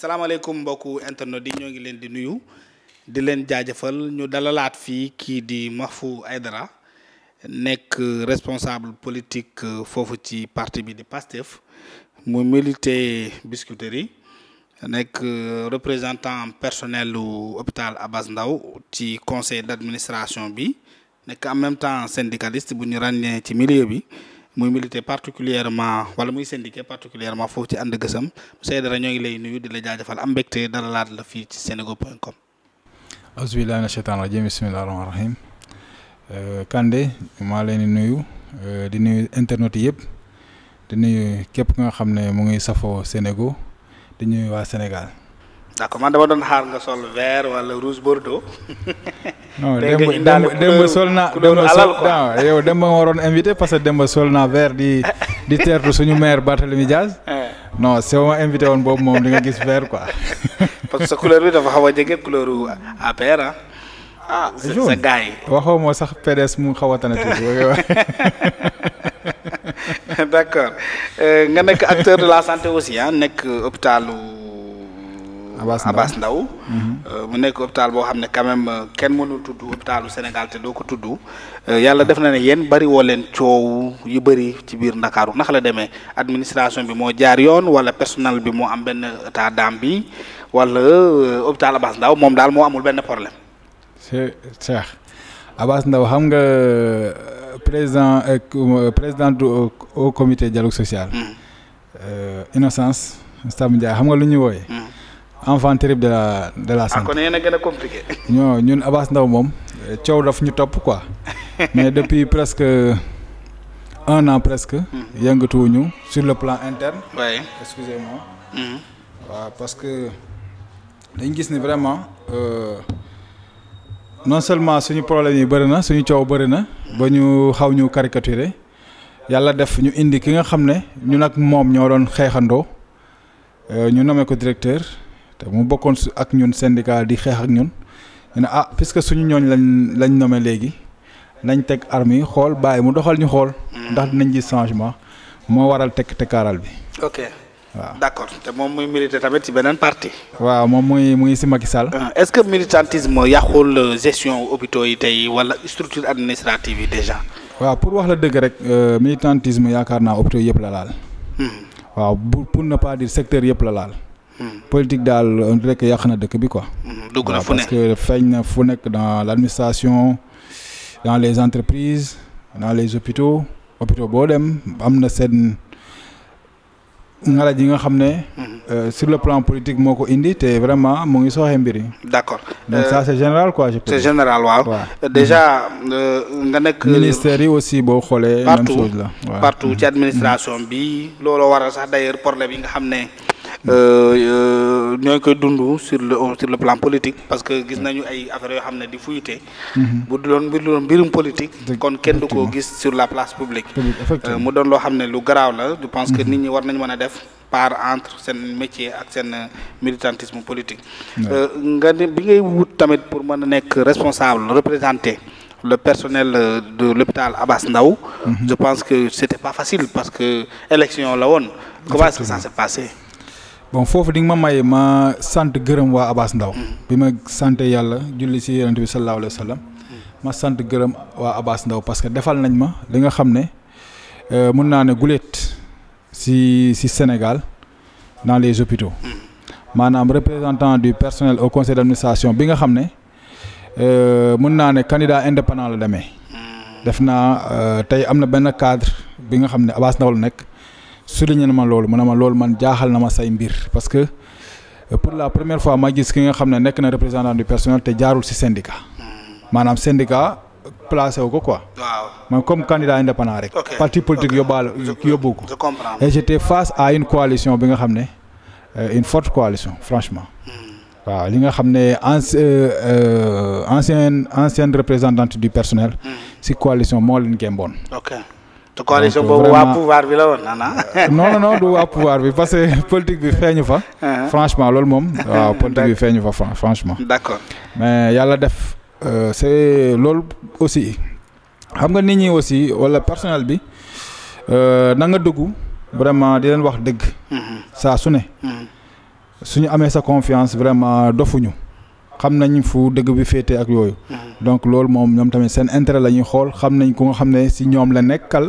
salaamaaleykum mbokku internet yi ñoo ngi leen di nuyu di leen jaajëfal ñu dalalaat fii kii di fu Aidara nekk responsable politique euh, foofu ci partie bi di PASTEF mu milité Biscuiterie yi nekk euh, représentant personnel lu hôpital Abass Ndao ci conseil d'administration bi nekk en même temps syndicaliste bu ñu ràññee ci milieu bi. muy militer particulièrement wala muy seen syndiqué particulièrement foofu ci ànd gësam Seye Dara ñoo ngi lay nuyu di la jaajëfal am mbégte dara laat la fii ci senego.com. asubillahi mina sheytaan rajim bismillahi rahmaani rahim euh, maa leen di nuyu euh, di nuyu internet yëpp di nuyu képp nga xam ne mu ngi safo Sénégo di nuyu waa Sénégal. d'accord man dama doon xaar nga sol vert wala rouge bordeaux. non Demba Demba sol naa Demba sol waroon invité parce que Demba sol naa vert di di teertu suñu maire Barthélémy Diaz. Eh. non soo ma invité woon boobu moom di nga gis vert quoi. parce que sa couleur bi dafa xaw a jege couleur wu ah. ah mu xaw a tane euh, nga nekk acteur de la santé aussi ah nekk hôpitalu. Abass ndaw euh, mu nekk hôpital boo xam ne quand euh, kenn mënul tudd hôpitalu Sénégal te doo ko tudd euh, yàlla def na ne yéen bari leen coow yu bëri ci biir Ndakaaru ndax la demee administration bi moo jaar yoon wala personal bi moo am benn état daam bi wala hôpital Abass Ndao moom daal moo amul benn problème c'est Cheikh Abass Ndao xam nga président président du au comité dialogue social mm. Innocence Samba Ndiaye xam nga lu ñuy wooye mm. enfant terrible de la de la santé. ah kon yéen a gën ñun Abass ndaw moom coow daf ñu topp quoi mais depuis presque un an presque. Mm-hmm. yëngatuwuñu sur le plan interne. waaye excusez mm-hmm. parce que dañ gis ni vraiment euh, non seulement suñu problème yi bëri na suñu coow bëri na ba ñu xaw ñu caricaturer yàlla def ñu indi ki nga xam ne ñu nag moom ñoo doon xeexandoo euh, ñu nommé ko directeur. te mu bokkoon su ak ñun syndicat di xeex ak ñun ñu ne ah puisque suñu ñooñ lañ lañ nommé léegi nañ teg armes xool bàyyi mu doxal ñu xool. Hmm. ndax dinañ gis changement moo waral tekk tekkaaral bi. ok waaw d' accord te moom muy milité tamit ci beneen parti. waaw moom muy muy si Macky Sall. Ah, est ce que militantisme yàqul euh, gestion hôpitaux yi tey wala structure administrative yi déjà. waaw pour wax la dëgg rek euh, militantisme yaakaar naa hôpitaux yëpp la laal. Hmm. waaw pour ne pas dire yëpp la laal. politique daal on dirait que yàq na dëkk bi quoi. Mhm. dugg na fu nekk parce que feeñ na fu nekk dans l' administration dans les entreprises dans les hôpitaux hôpitaux boo dem am na seen ngalaj yi nga xam ne. Mhm. Euh, sur le plan politique moo ko indi te vraiment mu ngi sooxee mbir yi. d' accord donc euh, ça c' est général quoi. je pense général waaw. Euh, déjà mhm. nga nekk. ministère yi aussi boo xoolee. même chose la partout partout ci administration bi. looloo waral sax d' problème yi nga xam ne. Euh, euh, ñoo koy dund sur le sur le plan politique parce que gis mm. nañu ay affaires yoo xam ne di fuyute. Mm-hmm. bu doon bu doon mbirum politique. kon kenn du ko gis sur la place publique. Euh, mu doon loo xam ne lu garaaw la je pense que mm-hmm. nit ñi war nañu mën a def. par entre seen métier ak seen militantisme politique nga ne bi ngay wut tamit pour mën a nekk responsable représenter le personnel de l'hôpital Abass Ndao mm-hmm. je pense que c'était pas facile parce que élection la woon comment est-ce bon foofu di nga ma may ma sant gërëm waa Abass Ndao mm-hmm. bi ma sant yàlla julli si yonent bi sallallahu alayhi wa sallam mm-hmm. ma sant gërëm waa Abass Ndao parce que defal nañ ma li nga xam ne euh, mun naa ne guléet si si Sénégal naa les hôpitaux mm-hmm. maanaam représentant du personnel au conseil d'administration bi nga xam ne euh, mun naa ne candidat indépendant la demee def naa euh, tey am na benn cadre bi nga xam ne Abass Ndao la nekk souligné na ma loolu mu ne ma loolu man jaaxal na ma say mbir parce que euh, pour la première fois ma gis ki nga xam ne nekk na représentant du personnel te jaarul ci syndicat hmm. maanaam syndicat placé wu ko quoi. waaw man comme candidat indépendant rek. parti politique yóbbaale yóbbu ko. je comprends et face à une coalition bi nga xam ne euh, une forte coalition franchement. Hmm. waaw li nga xam ne ancien euh, ancienne ancienne représentante du personnel. Hmm. si coalition moo leen gëmboon. ok te coalition boobu waa pouvoir bi la woon nana non non du waa pouvoir bi parce que politique bi feeñu fa. Uh-huh. franchement loolu moom. waaw politique bi feeñu fa franchement. d'accord mais yàlla def euh, c'est loolu aussi xam nga nit ñi aussi wala personnel bi euh, na nga dugg vraiment di leen wax dëgg. Uh-huh. saa su ne. Uh-huh. suñu amee sa confiance vraiment dofuñu. xam nañ fu dëgg bi féetee ak yooyu. donc loolu moom ñoom tamit seen intérêt la ñuy xool xam nañ ku nga xam ne si ñoom la nekkal.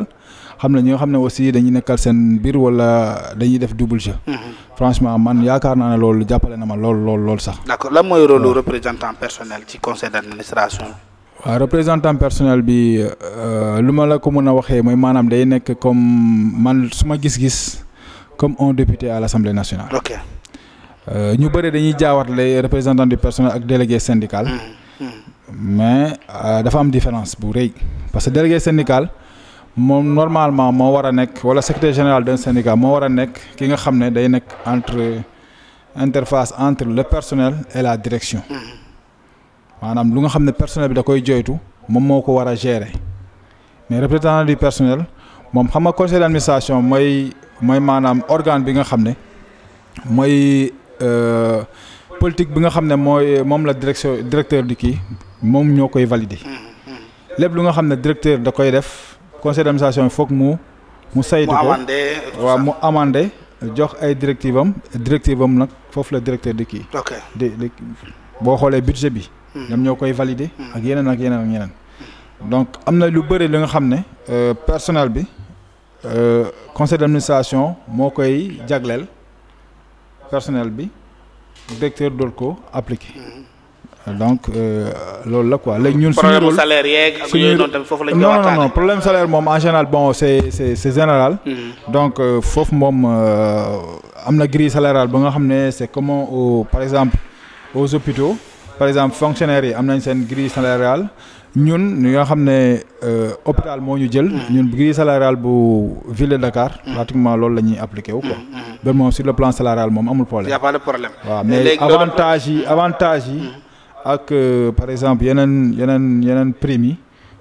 xam na ñoo xam ne aussi dañuy nekkal seen biir wala dañuy def double jeu. Mhm. franchement man yaakaar naa ne loolu jàppale na ma lool lool lool sax. d'accord lan mooy rôle représentant personnel ci conseil d'administration. waaw représentant personnel bi euh, lu ma la ko mën a waxee mooy maanaam day nekk comme man su ma gis-gis comme un député à l'Assemblée nationale. ok euh, ñu bëri dañuy jaawat jaawatle représentant du personnel ak délégué syndical. Mhm. Mhm. mais euh, dafa am différence bu rëy parce que délégué syndical. moom normalement moo war a nekk wala secrétaire général de syndicat moo war a nekk ki nga xam ne day nekk entre interface entre le personnel et la direction mm-hmm. maanaam lu nga xam ne personnel bi da koy jooytu moom moo ko war a gérer mais représentant du personnel moom xam nga conseil d'administration mooy mooy maanaam organe bi nga xam ne mooy euh, politique bi nga xam ne mooy moom la direction directeur di kii moom ñoo koy valider mm-hmm. lépp lu nga xam ne directeur da koy def conseil d'administration bi foog mu mu saytu ko waaw mu amande jox ay directive am directive am nag foofu la directeur di kii di boo xoolee budget bi hmm. ñoom ñoo koy valider hmm. ak yeneen ak yeneen ak yeneen donc am na lu bëri li nga xam ne euh, personnel bi euh, conseil de d'administration moo koy jagleel personnel bi directeur dool ko appliqué hmm. donc euh, loolu la quoi léegi ñun. suñu rôle salaire yeeg ak problème salaire moom en général bon c' est général. Mm-hmm. donc euh, foofu moom euh, am na gris salariale ba nga xam ne c' est comment au par exemple aux hôpitaux par exemple fonctionnaires yi am nañ seen gris salariale ñun ñi nga xam ne hôpital moo ñu jël. Mm-hmm. ñun grille salariale bu ville de Dakar. Mm-hmm. pratiquement loolu la ñuy appliqué wu benn sur le plan salarial moom amul problème. y' mais avantage yi avantage yi. ak euh, par exemple yeneen yeneen yeneen primes yi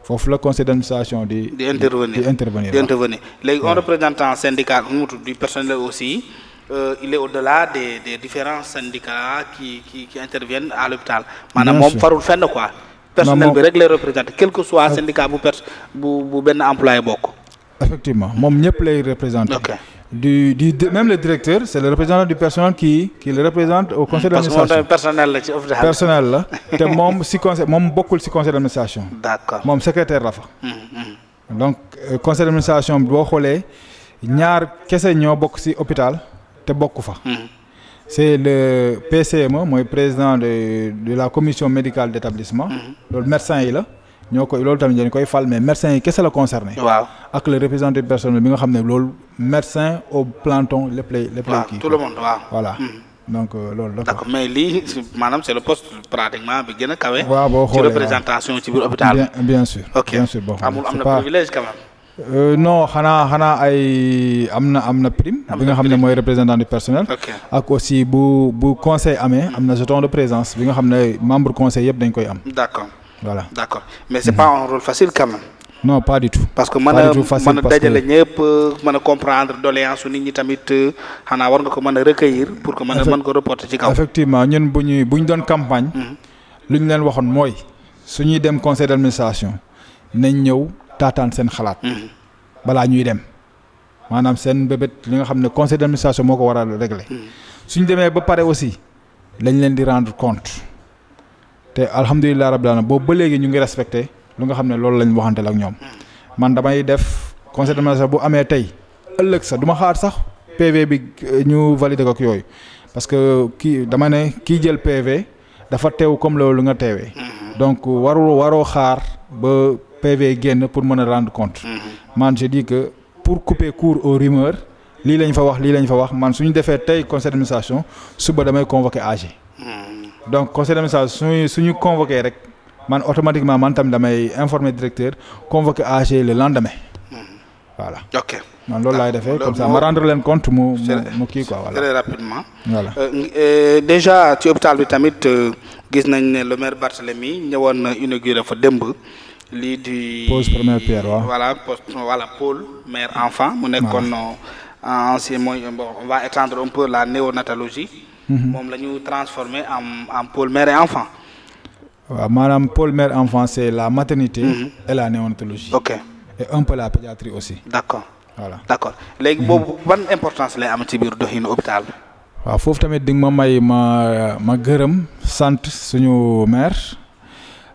foofu la conseil de administration di. di intervenir di intervenir di intervenir léegi un représentant syndical mu tudd du personnel aussi. Euh, il est au-delà des des différents syndicats qui qui qui interviennent à l'hôpital maanaam moom farul fenn quoi personnel bi rek lay représenté quel que soit syndicat bu pers bu benn employé bokk effectivement moom ñëpp lay représenté du du même le directeur c'est le représentant du personnel qui qui le représente au conseil d'administration personnel la ci personnel la te moom si conseil moom bokkul si conseil d'administration. d'accord moom secrétaire la fa. Mm, mm. donc euh, conseil d'administration boo xoolee ñaar kese ñoo bokk si hôpital te bokk fa. Mm. c'est le ma mooy président de de la commission médicale d'établissement. loolu médecin yi la. ñoo koy loolu tamit dañ koy fal mais médecin yi kese la concerné. waaw ak le représentant personnel bi nga xam ne loolu médecin au planton lépp lay. lépp lay kii tout le monde waaw. voilà hmm. donc euh, loolu la. d'accord mais lii maanaam c'est le poste pratiquement bi gën a kawe. waaw boo xoolee ci représentation ci biir hôpital. bien bien sûr. ok bien sûr boo xoolee am na privilège quand même. Euh, non xanaa xanaa ay am na am na prime bi nga xam ne mooy représentant du personnel ak aussi bu bu conseil amee am na hmm. jeton de présence bi nga xam ne membre conseil yëpp dañ koy am d'accord voilà d' mais c' pas un rôle facile quand non pas du tout. parce que man a mën a dajale ñëpp mën a comprendre doléance su nit ñi tamit xanaa war nga ko mën a recueillir pour que man a mën ko reporter ci kaw. effectivement ñun bu ñuy bu ñu doon campagne. Mhm. lu ñu leen waxoon mooy. su ñuy dem conseil d' administration nañ ñëw taataan seen xalaat. Mhm. balaa ñuy dem maanaam seen bébét li nga xam ne conseil d' administration moo ko war a régler. Mhm. suñu demee ba pare leen di rendre compte. te alhamdulilah rabbil alamin boobu ba léegi ñu ngi respecté lu nga xam ne loolu lañ waxanteel ak ñoom man damay def conseil d'administration bu amee tey ëllëg sax du ma xaar sax PV bi ñu validé ko yooyu parce que kii dama ne kii jël PV dafa teew comme loolu nga teewee donc warul waroo xaar ba PV génn pour mën a rendre compte man je dis que pour couper court aux rumeurs lii lañ fa wax lii lañ fa wax man suñu defee tey conseil d'administration suba damay convoqué AG donc conseil d'administration suñu suñu convoqué rek man automatiquement man tamit damay informer directeur convoqué AG le lendemain. Mm-hmm. voilà ok. man loolu laay ah, defee comme ça ma rendre leen compte mu mu kii quoi voilà. très rapidement. voilà euh, euh, déjà ci hôpital bi tamit euh, gis nañ ne le maire Barthélémy ñëwoon na inauguré fa démb. lii di pose première pierre waaw. voilà post voilà pôle enfant. mu nekkoon ancien mooy bon on va étendre un peu la néonatologie. Mm-hmm. moom la ñu transformé en en pôle mère et enfant. waaw maanaam pôle maire enfant c'est la maternité. Mm-hmm. et la néonatologie. ok et un peu la pédiatrie aussi. d'accord voilà d'accord léegi mm-hmm. boobu ban importance lay am ci biir doxinu hôpital bi. waaw foofu tamit di nga ma may ma ma gërëm sant suñu maire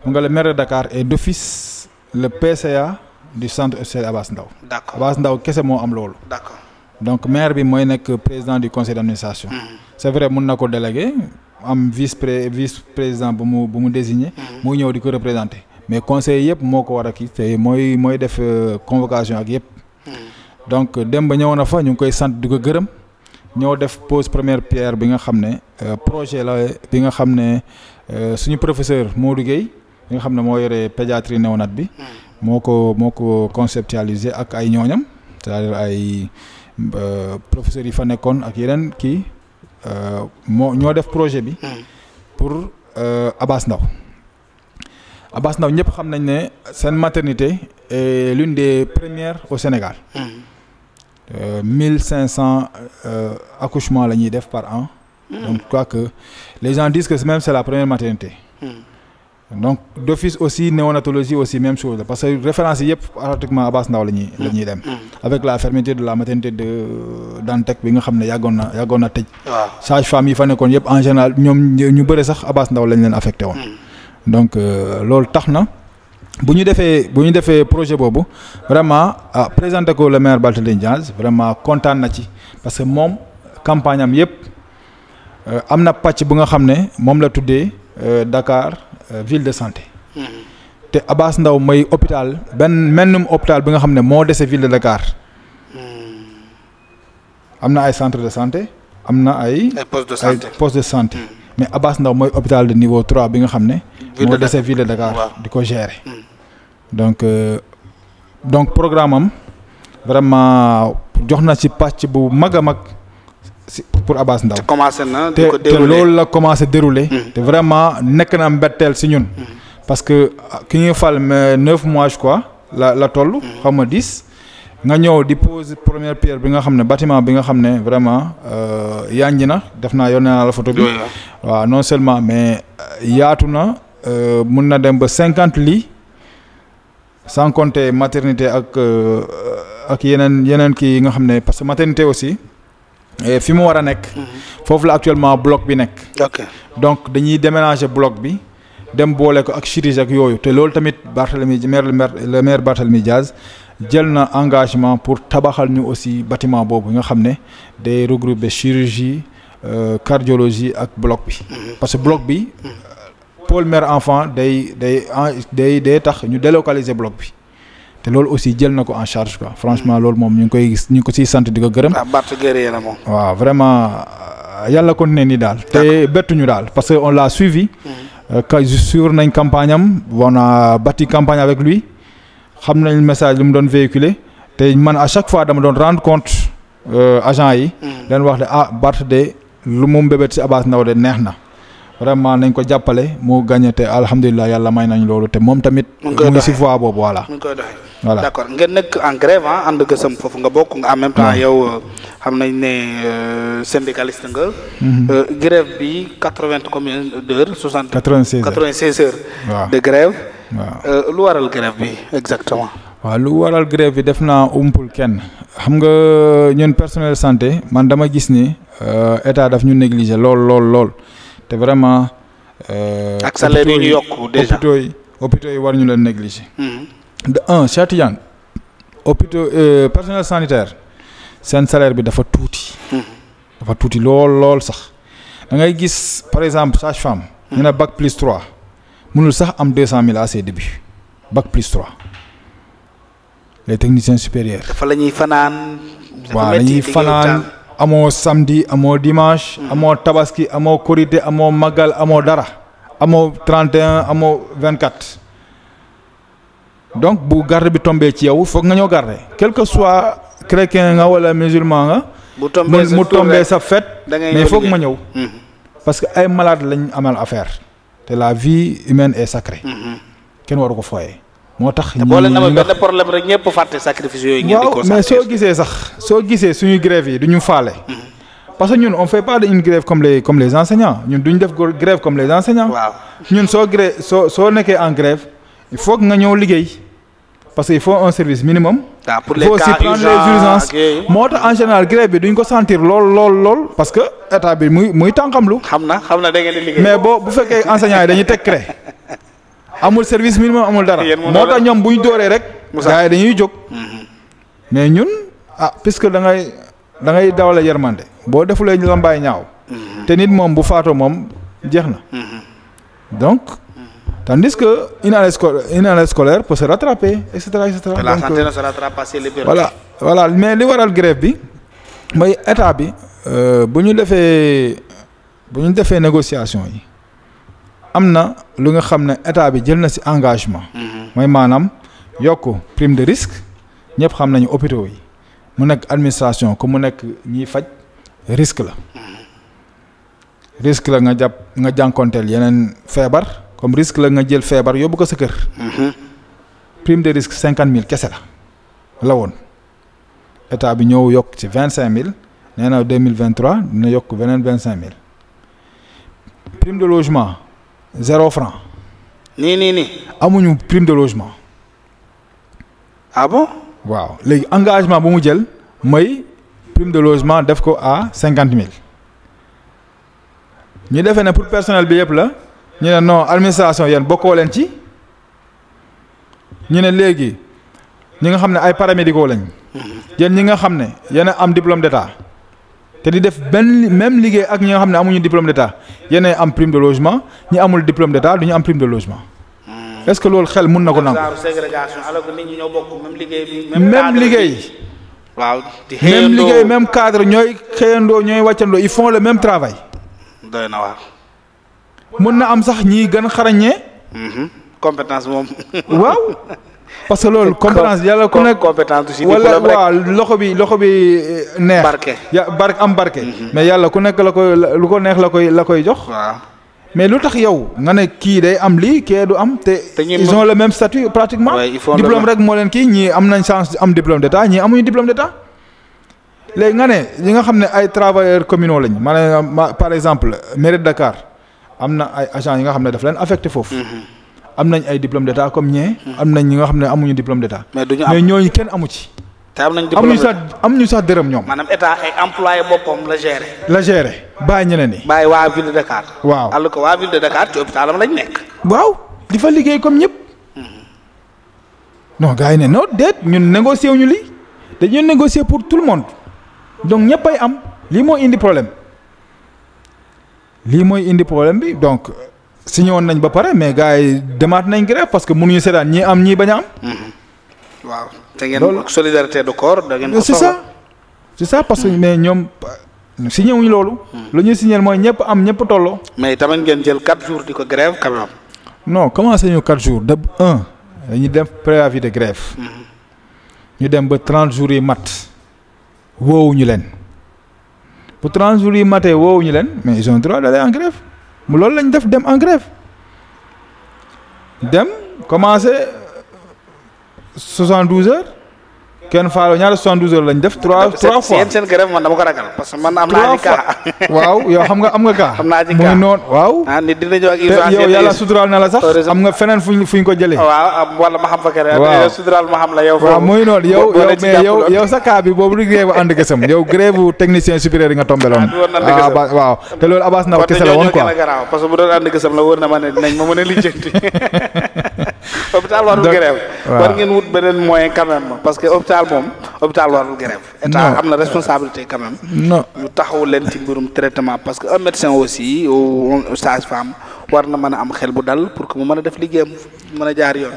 nga le maire de Dakar et d'office le PCA du centre hospitalier Abass ndaw d'accord Abass Ndao kese moo am loolu. d'accord donc maire bi mooy nekk président du conseil d'administration. c'est vrai mun na ko délégué am vice pré vice président bu mu bu mu désigné. Mhm. muy ñëw di ko représenté. mais conseil yëpp moo ko war a kii te mooy mooy def euh, convocation ak yëpp. Mhm. donc dem ba ñëw na fa ñu ngi koy sant di ko gërëm. ñëw def pose première pierre bi nga xam ne euh, projet la bi nga xam ne euh, suñu professeur moo Guèye bi nga xam ne moo yore new néonate bi. Mhm. moo ko moo ko conceptualiser ak ay ñooñam cest ay professeurs yi fa nekkoon ak yeneen kii. Euh, moo ñoo def projet bi. pour euh, Abass Ndao Abass Ndao ñëpp xam nañ ne seen maternité est l'une des premières au Sénégal. Euh, mille cinq cent accouchements la ñuy def par an. donc je que les gens disent que même c'est la première maternité. donc d'office aussi néonatologie aussi même chose la parce que référence yi yëpp pratiquement Abass Ndao la la ñuy mm. dem mm. avec la fermeture de la maternité de Dantec bi nga xam ne yàggoon na yàggoon na tëj sage femme yi fa nekkoon yëpp en général ñoom ñu bëri sax Abass Ndao lañ leen affecté woon mm. donc euh, loolu tax na bu ñu defee bu ñu defee projet boobu vraiment présenté ko le maire Barthélémy Dias vraiment kontaan na ci parce que moom campagne am yëpp euh, am na pàcc bu nga xam ne moom la tuddee euh, Dakar Euh, ville de santé. Mhm. te Abass Ndao mooy hôpital benn mennum hôpital bi nga xam ne moo dese ville de Dakar. Mhm. am na ay centre de santé am na ay. ay poste de santé mhm. mais Abass Ndao mooy hôpital de niveau trois bi nga xam ne. moo dese ville de Dakar di ko gérer. donc euh, donc programme am vraiment jox na si pàcc bu mag a mag. si pour Abass Ndao commencé na di ko te loolu la commencé déroulé. Mm-hmm. te vraiment nekk na mbetteel si ñun. Mm-hmm. parce que ah, ki ñuy fal neuf mois je la la toll. Mm-hmm. xam nga dix. nga ñëw di pose première pierre bi nga xam ne bâtiment bi nga xam ne vraiment euh, yànji na def naa yónnee naa waaw non seulement mais euh, yaatu na euh, mun na dem ba cinquante lits sans compter maternité ak ak yeneen yeneen kii yi nga xam ne parce que maternité aussi. fi mu war a nekk. Mhm. foofu la actuellement bloc bi nekk. donc dañuy déménager bloc bi dem boole ko ak Chirige ak yooyu te loolu tamit Barthélemy maire le maire Barthélemy Diaz jël na engagement pour tabaxal ñu aussi batiment boobu nga xam ne day regrouper chirurgie euh, cardiologie ak bloc bi. Mhm. parce que bloc bi. Mhm. pôle mère enfant day day day day tax ñu délocaliser bloc bi. te loolu aussi jël na ko en charge quoi franchement loolu moom ñu koy gis ñu ko siy sant di ko gërëm. ah Barth guerrier la moom. waaw vraiment euh, yàlla continuer nii daal. te bettuñu daal parce que on l'a suivi. Mm-hmm. Euh, kay suivre nañ campagne am on a bâti campagne avec lui xam nañu message lu mu doon véhiculer te man à chaque fois dama doon rendre compte euh, agent yi. Mm-hmm. leen wax de ah Barth de lu mu mbébét si Abass Ndao de neex na. vraiment nañ ko jàppale moo gagné te yàlla may nañ loolu te moom tamit. mu ngi si voie boobu voilà. mu ngi koy doxee voilà d' accord ngeen nekk en grève ah ànd gësëm foofu nga bokk nga en même temps yow euh, xam nañ ne euh, syndicaliste nga. Mhm. Euh, grève bi quatre vingt combien d' heures soixante. quatre waaw de grève. lu waral grève bi exactement. waa lu waral grève bi def naa umpul kenn xam nga ñun personnel santé man dama gis ni état daf ñu négliger lool lool lool. te vraiment. Euh, ak salaire yi ñu yokk déjà hôpitaux yi hôpitaux yi war ñu leen négliger. Mm-hmm. de un Cheikh Tidiane hôpitaux euh, personnel sanitaire seen salaire bi dafa tuuti. Mm-hmm. dafa tuuti lool lool sax da ngay gis par exemple sage femme. ñu ne bac plus trois mënul sax am deux cent mille à ses débuts bac plus trois les techniciens supérieurs. dafa la fanaan. dafa waaw fanaan. amoo samedi amoo dimanche. Mm-hmm. amoo tabaski amoo korité amoo màggal amoo dara. amoo 31 amoo vingt 24. donc bu garde bi tombee ci yow foog nga ñëw garde quel que soit chrétien nga wala musulman nga. mu tombee sa mu tombee sa fête. mais foog ma ñëw. Mm-hmm. parce que ay malade lañ amal affaire. te la vie humaine et sacrée. Mm-hmm. kenn waru ko fooyee. moo tax ñu boole na ma benn problème rek ñëpp fàtte sacrifice yooyu ngeen di ko mais soo gisee sax soo gisee suñu grève yi du ñu faale. Mm-hmm. parce que ñun on fait pas une grève comme les comme les enseignants ñun duñ def grève comme les enseignants. waaw ñun soo gré soo soo nekkee en grève il faut que nga ñëw liggéey parce que il faut un service minimum. ah pour les cas urgents il faut aussi prendre les urgences. moo tax en général grève bi duñ ko sentir lool lool lool. parce que état bi muy muy tànkamlu. xam na xam na da ngeen di liggéey mais boo bu fekkee enseignants yi dañuy teg cré amul service minimum amul dara. moo tax ñoom bu ñu dooree rek. gars yi dañuy jóg. mais ñun ah puisque da ngay da ngay dawale yermande boo defulee ñu la mbaay ñaaw. te nit moom bu faatoo moom jeex na. donc. Tandis que une année scolaire, une année scolaire peut se rattraper et cetera et cetera. la santé ne se rattrape pas, voilà mais li waral grève bi mooy état bi euh, bu ñu defee bu ñu defee négociation yi am na lu nga xam ne état bi jël na si engagement. Mhm. mooy maanaam yokk prime de risque ñëpp xam nañu hôpitaux yi mu nekk administration ku mu nekk ñiy faj risque la. Mhm. risque la nga jàpp nga jànkonteel yeneen feebar comme risque la nga jël feebar yóbbu ko sa kër. Mhm. prime de risque cinquante mille kese la la woon état bi ñëw yokk ci vingt cinq mille nee na deux mille vingt trois dina yokk beneen vingt cinq mille prime de logement. zéro franc. nii nii nii. amuñu prime de logement. ah waaw léegi engagement bu mu jël mooy prime de logement def ko à cinquante mille. ñu defee ne pour personnel bi yëpp la ñu ne non administration yéen bokkoo leen ci ñu ne léegi ñi nga xam ne ay paramédicaux lañ. Mm-hmm. yéen ñi nga xam ne yéen a am diplôme d'état. te di def benn même liggéey ak ñoo xam ne amuñu diplôme d'état yéen am prime de logement ñi amul diplôme d'état du ñu am prime de logement. Hmm. est-ce que loolu xel mun na ko nangu. alors que nit ñi ñoo bokk même liggéey bi. même liggéey. waaw di même liggéey cadre ñooy xëyandoo ñooy wàccandoo il font le même travail. na waar. mun na am sax ñii gën xarañ hmm, compétence moom. waaw. parce que loolu compétence yàlla ku nekk compétence wala waaw loxo bi loxo bi eh, neex. barke ya barke am barke. Mhm. mais yàlla ku nekk la koy lu ko neex la koy la koy jox. mais lu tax yow nga ne kii day am lii kee du am te. ils ont le même statut pratiquement. diplôme rek moo leen kii ñii am nañ chance am diplôme d'état ñii amuñu diplôme d'état. léegi nga ne ñi nga xam ne ay travailleurs communaux lañ ma par exemple mairie de am na ay agents yi nga xam ne daf leen affecté foofu. Mhm. am nañ ay diplôme d'état comme ñee hmm. am nañ ñi nga xam ne amuñu diplôme d'état mais ñooñu kenn amu ci te am nañ diplôme amuñu sax sax dërëm ñoom. maanaam état ay employé boppam la gérer. la gérer bàyyi ñeneen ñi. bàyyi waa ville de Dakar. waaw alors que nekk. waaw di fa liggéey comme ñëpp. Hmm. non gars yi ne non déet ñun négocier wuñu lii dañuy négocier pour tout le monde donc ñëpp ay am lii mooy indi problème lii mooy indi problème bi donc. signé woon nañ ba pare mais gars yi demaat nañ grève parce que ñu seetaan ñii am ñii bañ am. Mm-hmm. waaw te ngeen solidarité de corps da ngeen ko c'est ça c'est parce que mm-hmm. mais ñoom signé wuñ loolu. Mm-hmm. lu ñuy signé mooy ñëpp am ñëpp tolloo. mais tamit ngeen jël quatre jours di ko grève quand même. non commencé ñu quatre jours de un dañuy dem préavis de grève. ñu dem ba trente jours yi mat woowuñu leen bu trente jours yi matee woowuñu leen mais ils ont droit d'aller en grève. mu loolu lañ def dem engrais dem commencé 72 heures kenn faalo ñaata soixante-douze heures lañ def. trois trois fois waaw yow xam nga am nga cas. am naa ci cas mu ah, na la sax. am nga feneen fuñ fuñ ko jëlee. waaw ma xam fa keneen. waaw suturaal ma xam mais yow yow sa bi boobu du grève ànd gësam yow grève technicien supérieur yi nga tombé ah, ah, na ma ne dinañ ma mën a lijjanti hôpital warul grève war ngeen wut beneen moyen quand même parce que hôpital moom hôpital warul grève état am na responsabilité quand même ñu taxaw leen ci mbirum traitement parce que un médecin aussi ou sage-femme war na mën a am xel bu dal pour que mu mën a def liggéeyam mën a jaar yoon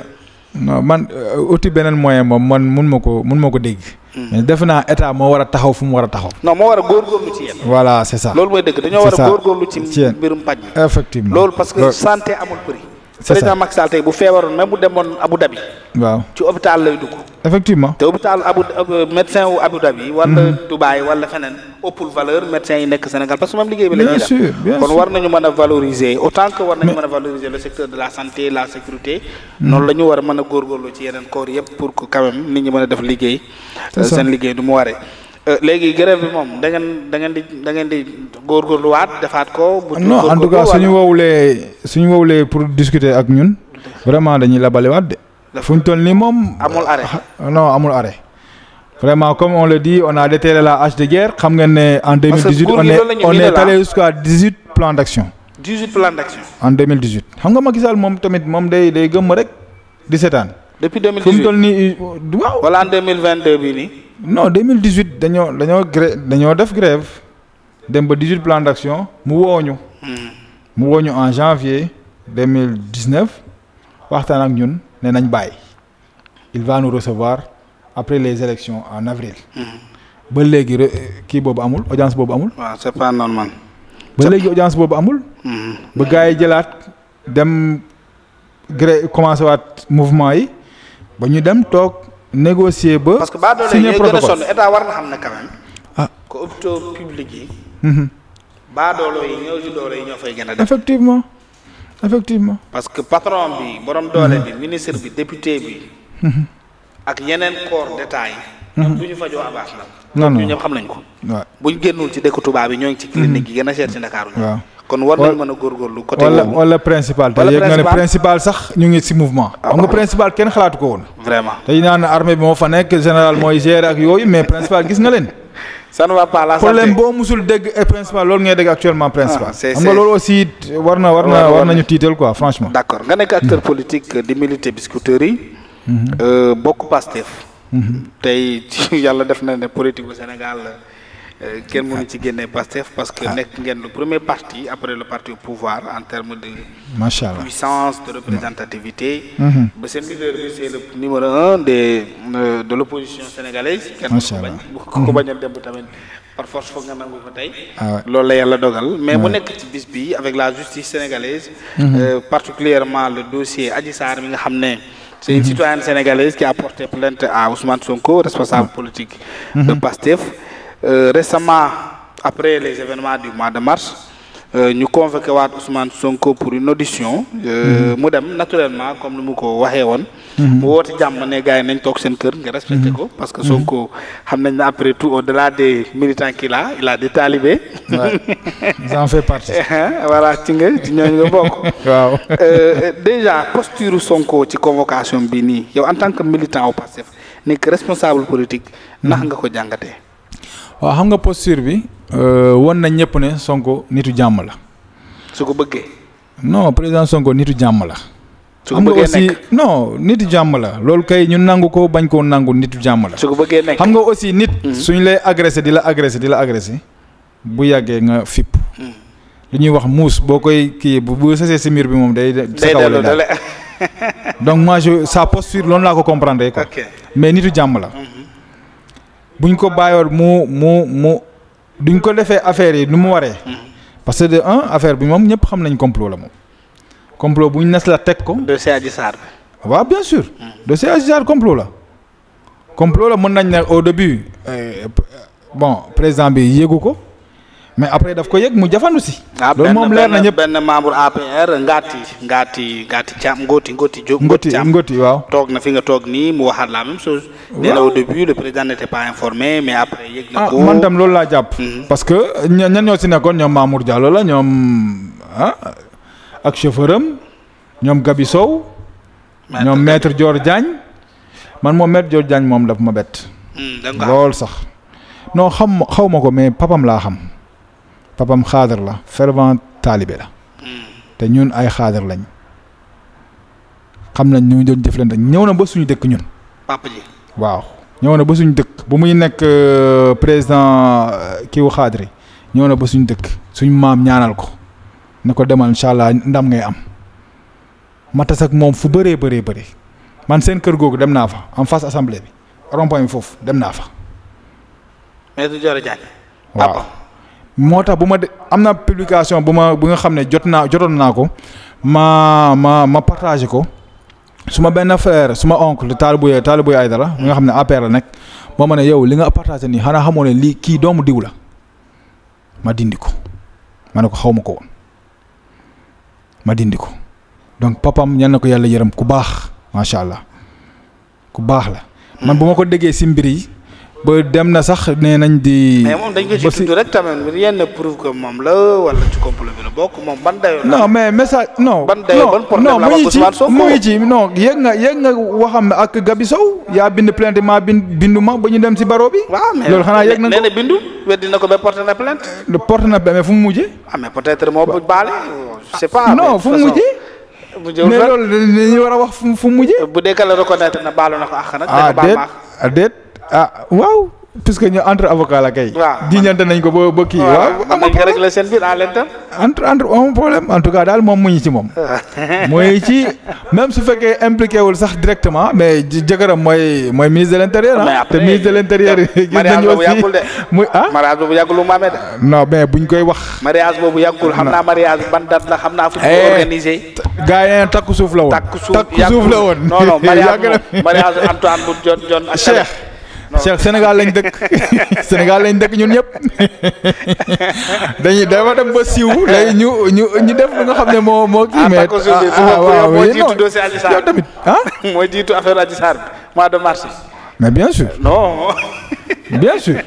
non man euh, uti beneen moyen moom man mun ma ko mun ma ko dégg. Hmm. mais defe naa état moo war a taxaw fu mu war a taxaw. non moo war a góorgóorlu ci yéen. voilà c'est ça loolu mooy dëgg dañoo war a góorgóorlu ci mbirum paj. effectivement loolu parce que santé amul président Macky Sall tey bu feebaroon même bu demoon Abu Dhabi. waaw ci hôpital lay dugg. effectivement te hôpital Abu médecin wu Abu Dhabi. wala mhm. Dubaï wala feneen ëppul valeur médecin yi nekk Sénégal parce que même liggéey bi la ñuy def. bien kon war nañu mën a valoriser autant que war nañu mën a valoriser le secteur de la santé la sécurité. Mhm. noonu la ñu war a mën a ci yeneen corps yëpp pour que quand même nit ñi mën a def liggéey. seen liggéey du mu waree. Euh, léegi grève bi moom da ngeen da ngeen di da ngeen di góorgóorluwaat defaat ko. bu non en tout cas suñu wowulee suñu wowulee pour discuter ak ñun vraiment dañuy labalewaat de. fu ñu toll nii moom. amul arrêt ah, non amul arrêt. vraiment comme on le dit on a déterré la hache de guerre xam ngeen ne. en 2018 on est on est allé jusqu'à 18 plans d'action. 18 plans d'action. en 2018 xam nga ma Sall moom tamit moom day day gëmm rek di seetaan. depuis 2018 fu mu toll nii waaw. wala en 2022 nii. non 2018 dañoo dañoo gré dañoo def grève dem ba 18 plan d'action mu wooñu hmm. mu wooñu en janvier 2019 waxtaan ak ñun ne nañ bàyyi il va nous recevoir après les élections en avril. Hmm. ba léegi kii boobu amul audience boobu amul. waaw c'est pas normal. ba léegi audience boobu amul. Hmm. ba gars yi jëlaat dem gré commencé waat mouvement yi ba ñu dem toog. négocier ba. parce que baa doole yi gën a sonn état war na xam ne quand même. ah que hôpitaux yi. Mhm. doole yi ñoo fay gën a def. effectivement effectivement. parce que patron bi borom doole bi mhm. ministre bi député bi. Mhm. ak yeneen corps d'état yi. ñoom bu ñu fajoo abaas la. non non ñun ñëpp xam nañ ko. waa bu ñu génnul ci dëkk tubaab yi ñoo ngi ci. clinique yi gën a cher ci Ndakaaru. kon war nañ mën a góorgóorlu. côté wala wala principal. wala principal nga ne principal sax ñu ngi ci mouvement. Ah, xam nga principal kenn xalaatu ko woon. vraiment tey naan armée bi moo fa nekk général mooy gérer ak yooyu mais principal gis nga leen. ça ne la santé problème boo musul dégg et principal loolu ngay dégg actuellement principal. Ah, xam nga loolu aussi war na war na war nañu tiital ko franchement. d' accord nga nekk acteur politique di milité biscuiterie yi. Mhm. Euh, bokk Pastef. Mhm. tey yàlla def na ne politique bu Sénégal. Euh, kenn mënu ci génne Pastef parce que ah. nekk ngeen le premier parti après le parti au pouvoir en termes de macha allah puissance de représentativité mhm. ba seen leader bi c'est le numéro un des euh, de l'opposition sénégalaise ko mhm. bañal dem tamit par force foog nga nangu ko tey ah loolu la yàlla dogal mais mu nekk ci bis bi avec la justice sénégalaise mhm. euh, particulièrement le dossier Adji Sarr bi nga xam ne c'est une citoyenne sénégalaise qui a porté plainte à Ousmane Sonko responsable politique de Pastef Euh, récemment après les événements du mois de marche euh, ñu convoqué waat Ousmane Sonko pour une audition. Euh, mhm. mu dem naturellement comme ni mu ko waxee woon. Mhm. mu woote jàmm ne gars nañ toog seen kër nga respecté mhm. ko. parce que Sonko xam nañ na après tout au delà des militants qu'il la il a des talibés. voilà ci nga ci ñooñu nga bokk. déjà posture Sonko ci convocation bi nii yow en tant que militant au Pastef nekk responsable politique. ndax nga ko jàngatee. waaw xam nga posture bi euh, won na ñëpp ne Sonko nitu jàmm la. su ko bëggee. non président Sonko nitu jàmm la. su ko bëggee nekk xam nga aussi non nitu loolu kay ñu nangu ko bañ koo nangu nitu jàmm la. bëggee nekk xam nga aussi nit. Mm-hmm. suñ lay agressé di la agressé di la agressé bu yàggee nga fipp. Mm-hmm. lu ñuy wax muus boo koy kii bu bu sësee si mur bi moom day. sa kaw la donc moi je sa posture loolu laa ko comprendre quoi. mais nitu jàmm la. Mm-hmm. bu ñu ko bàyyoon mu mu mu duñ ko defee affaire yi nu mu waree. Mm-hmm. parce que de un affaire bi moom ñëpp xam nañ complot la moom. complot ñu nes la teg ko. dossier Adji Sarr. waaw bien sûr. Mm-hmm. dossier Adji Sarr complot la. complot la mën nañ ne au début euh, euh, bon président bi yéegu ko. mais après daf ko yëg mu jafandu si. Ah, loolu moom leer na ñëpp benn membre APR ngaati ngaati ngaati Thiam Ngoti Ngoti Diop. Ngoti Ngoti waaw. toog na fi nga toog nii mu waxaat la même chose. waaw nee na au le président n'était pas informé mais après. yëg na ah, ko man tam loolu laa jàpp. Mhm. parce que ña ñan ñoo si nekkoon ñoom Mamour Diallo la ñoom ah ak chauffeur am ñoom Gabi ñoom maître Dior Diagne. man moom maître Dior Diagne moom daf ma bett. Hmm, lool sax non xam xaw ma ko mais papam laa xam. papam xaadar la fervent taalibe la hmm. te ñun ay xaadar lañ xam nañ ñu doon jëflante ñëw na ba suñu dëkk ñun. waaw ñëw na ba suñu dëkk bu muy nekk euh, président euh, kiw xaadri ñëw na ba suñu dëkk suñu maam ñaanal ko ne ko demal incha allah ndam ngay am ma tas ak moom fu bëree bëree bëri man seen kër googu dem naa fa en face assemblée bi rond-point foofu dem naa fa. waaw. moo tax bu ma de am na publication bu ma bu nga xam ne jot naa jotoon naa ko ma ma ma partagé ko su ma benn frère su ma oncle Taalibouye Taalibouye Aydara mi nga xam ne APR la nekk moo ma ne yow li nga partagé nii xanaa xamoo ne lii kii doomu diw la ma dindi ko ma ne ko xaw ma ko woon ma dindi ko donc papam ñaan na ko yàlla yërëm ku baax macha allah ku baax la. man bu ma ko déggee si mbir yi ba dem na sax nee nañ di. mais moom dañ ko ci tudd rek tamit prouve que moom la wala ci complot bi la bokk moom ban dayoo la. mais message no ban dayoo ban problème la wax Ousmane Sonko non mu ngi ci mu ngi ci non yéeg nga yéeg nga waxam ak Gabi yaa bind plainte maa bind ma ba ñu dem si baro bi. waaw loolu xanaa yéeg na ko nee na bindu na ko ba porté na plainte. porté fu mu mujjee. ah mais peut-être moo bu baale. je a pas fu mu mujjee. bu jëm mais loolu dañuy war a wax fu mu mujjee. bu dee kala reconnaître na baalu na ko ah, ah déet ah waaw. puisque ñu entre avocat la kay. waaw diñante ko ba ba kii. waaw am nañ ko réglé seen biir à l'interne entre entre amul moom mu ngi ci moom. mooy ci même su fekkee impliqué wul sax directement mais jëkkëram mooy mooy ministre de l' intérieur ah. te ministre de l' intérieur. gis nañu aussi muy ah. yàggul mu amee de. non mais buñ koy wax. mariage boobu yàggul xam naa mariage ban la xam naa fu ñu eh, organisé. gaa yi takku suuf la woon. takku suuf la woon. non non mariage Antoine bu jot jot ak. Cheikh. Cheikh Sénégal lañ dëkk Sénégal lañ dëkk ñun ñëpp dañuy dama dem ba siiw léegi ñu ñu ñu def lu nga xam ne moo kii ah, mais ah, ah, tamit ah. mooy jiitu affaire Adji mois de mars. mais bien sûr. Euh, bien sûr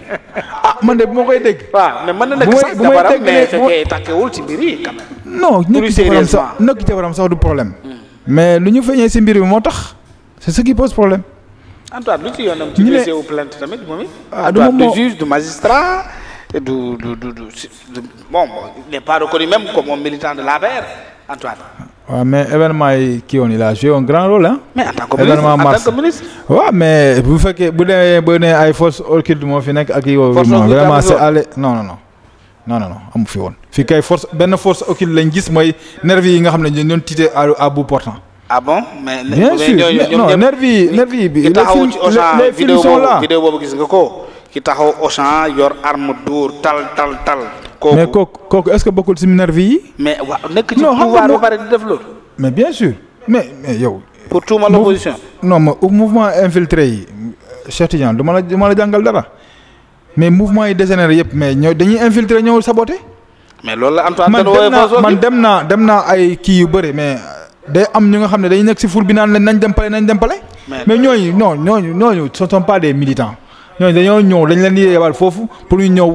ah man de bu ma koy dégg. waaw mais mën na nekk sax jabaram mais fekkee tàkkewul ci mbir sax du problème. Hmm. mais lu ñu feeñee si mbir bi moo tax c'est ce qui pose problème. Antoine lu ci yoonam. ci dossier wu plainte tamit moom it. ah du moom du magistrat du du du du bon il n'est pas reconnu même comme un militant de l'APR Antoine. waaw mais événement yi kii woon il a joué un grand rôle ah. mais en tant que bu fekkee bu demee ba ne ay force occulte moo fi nekk ak yow. force occulte vraiment c'est allé non non non. non non non amu fi woon. fi kay force benn force occulte lañ gis mooy nervi yi nga xam ne ñu doon tiite à bout portant. ah bon mais. bien sûr non nervi nervi bi. les films gis nga ko. ki taxaw Auchan yor arme dóor tal tal tal. kooku mais kooku kooku est-ce que bokkul ci nervi yi. mais waaw nekk ci pouvoir ba pare di def loolu. mais bien sûr mais mais yow. pour tuuma l'opposition. non ma mouvement infiltré yi Cheikh Tidiane du ma la du la jàngal dara mais mouvement yi dégénéré yëpp mais ñoo dañuy infiltrer ñëw saboter. mais lool la Antoine man dem man dem naa dem naa ay kii yu bëri mais. day am ñu nga xam ne dañu nekk si ful bi naan leen nañ dem pale nañ dem pale. mais ñooñu non ñooñu ñooñu ce ne sont pas ñooñu dañoo ñëw dañ leen di yebal foofu pour ñu ñëw.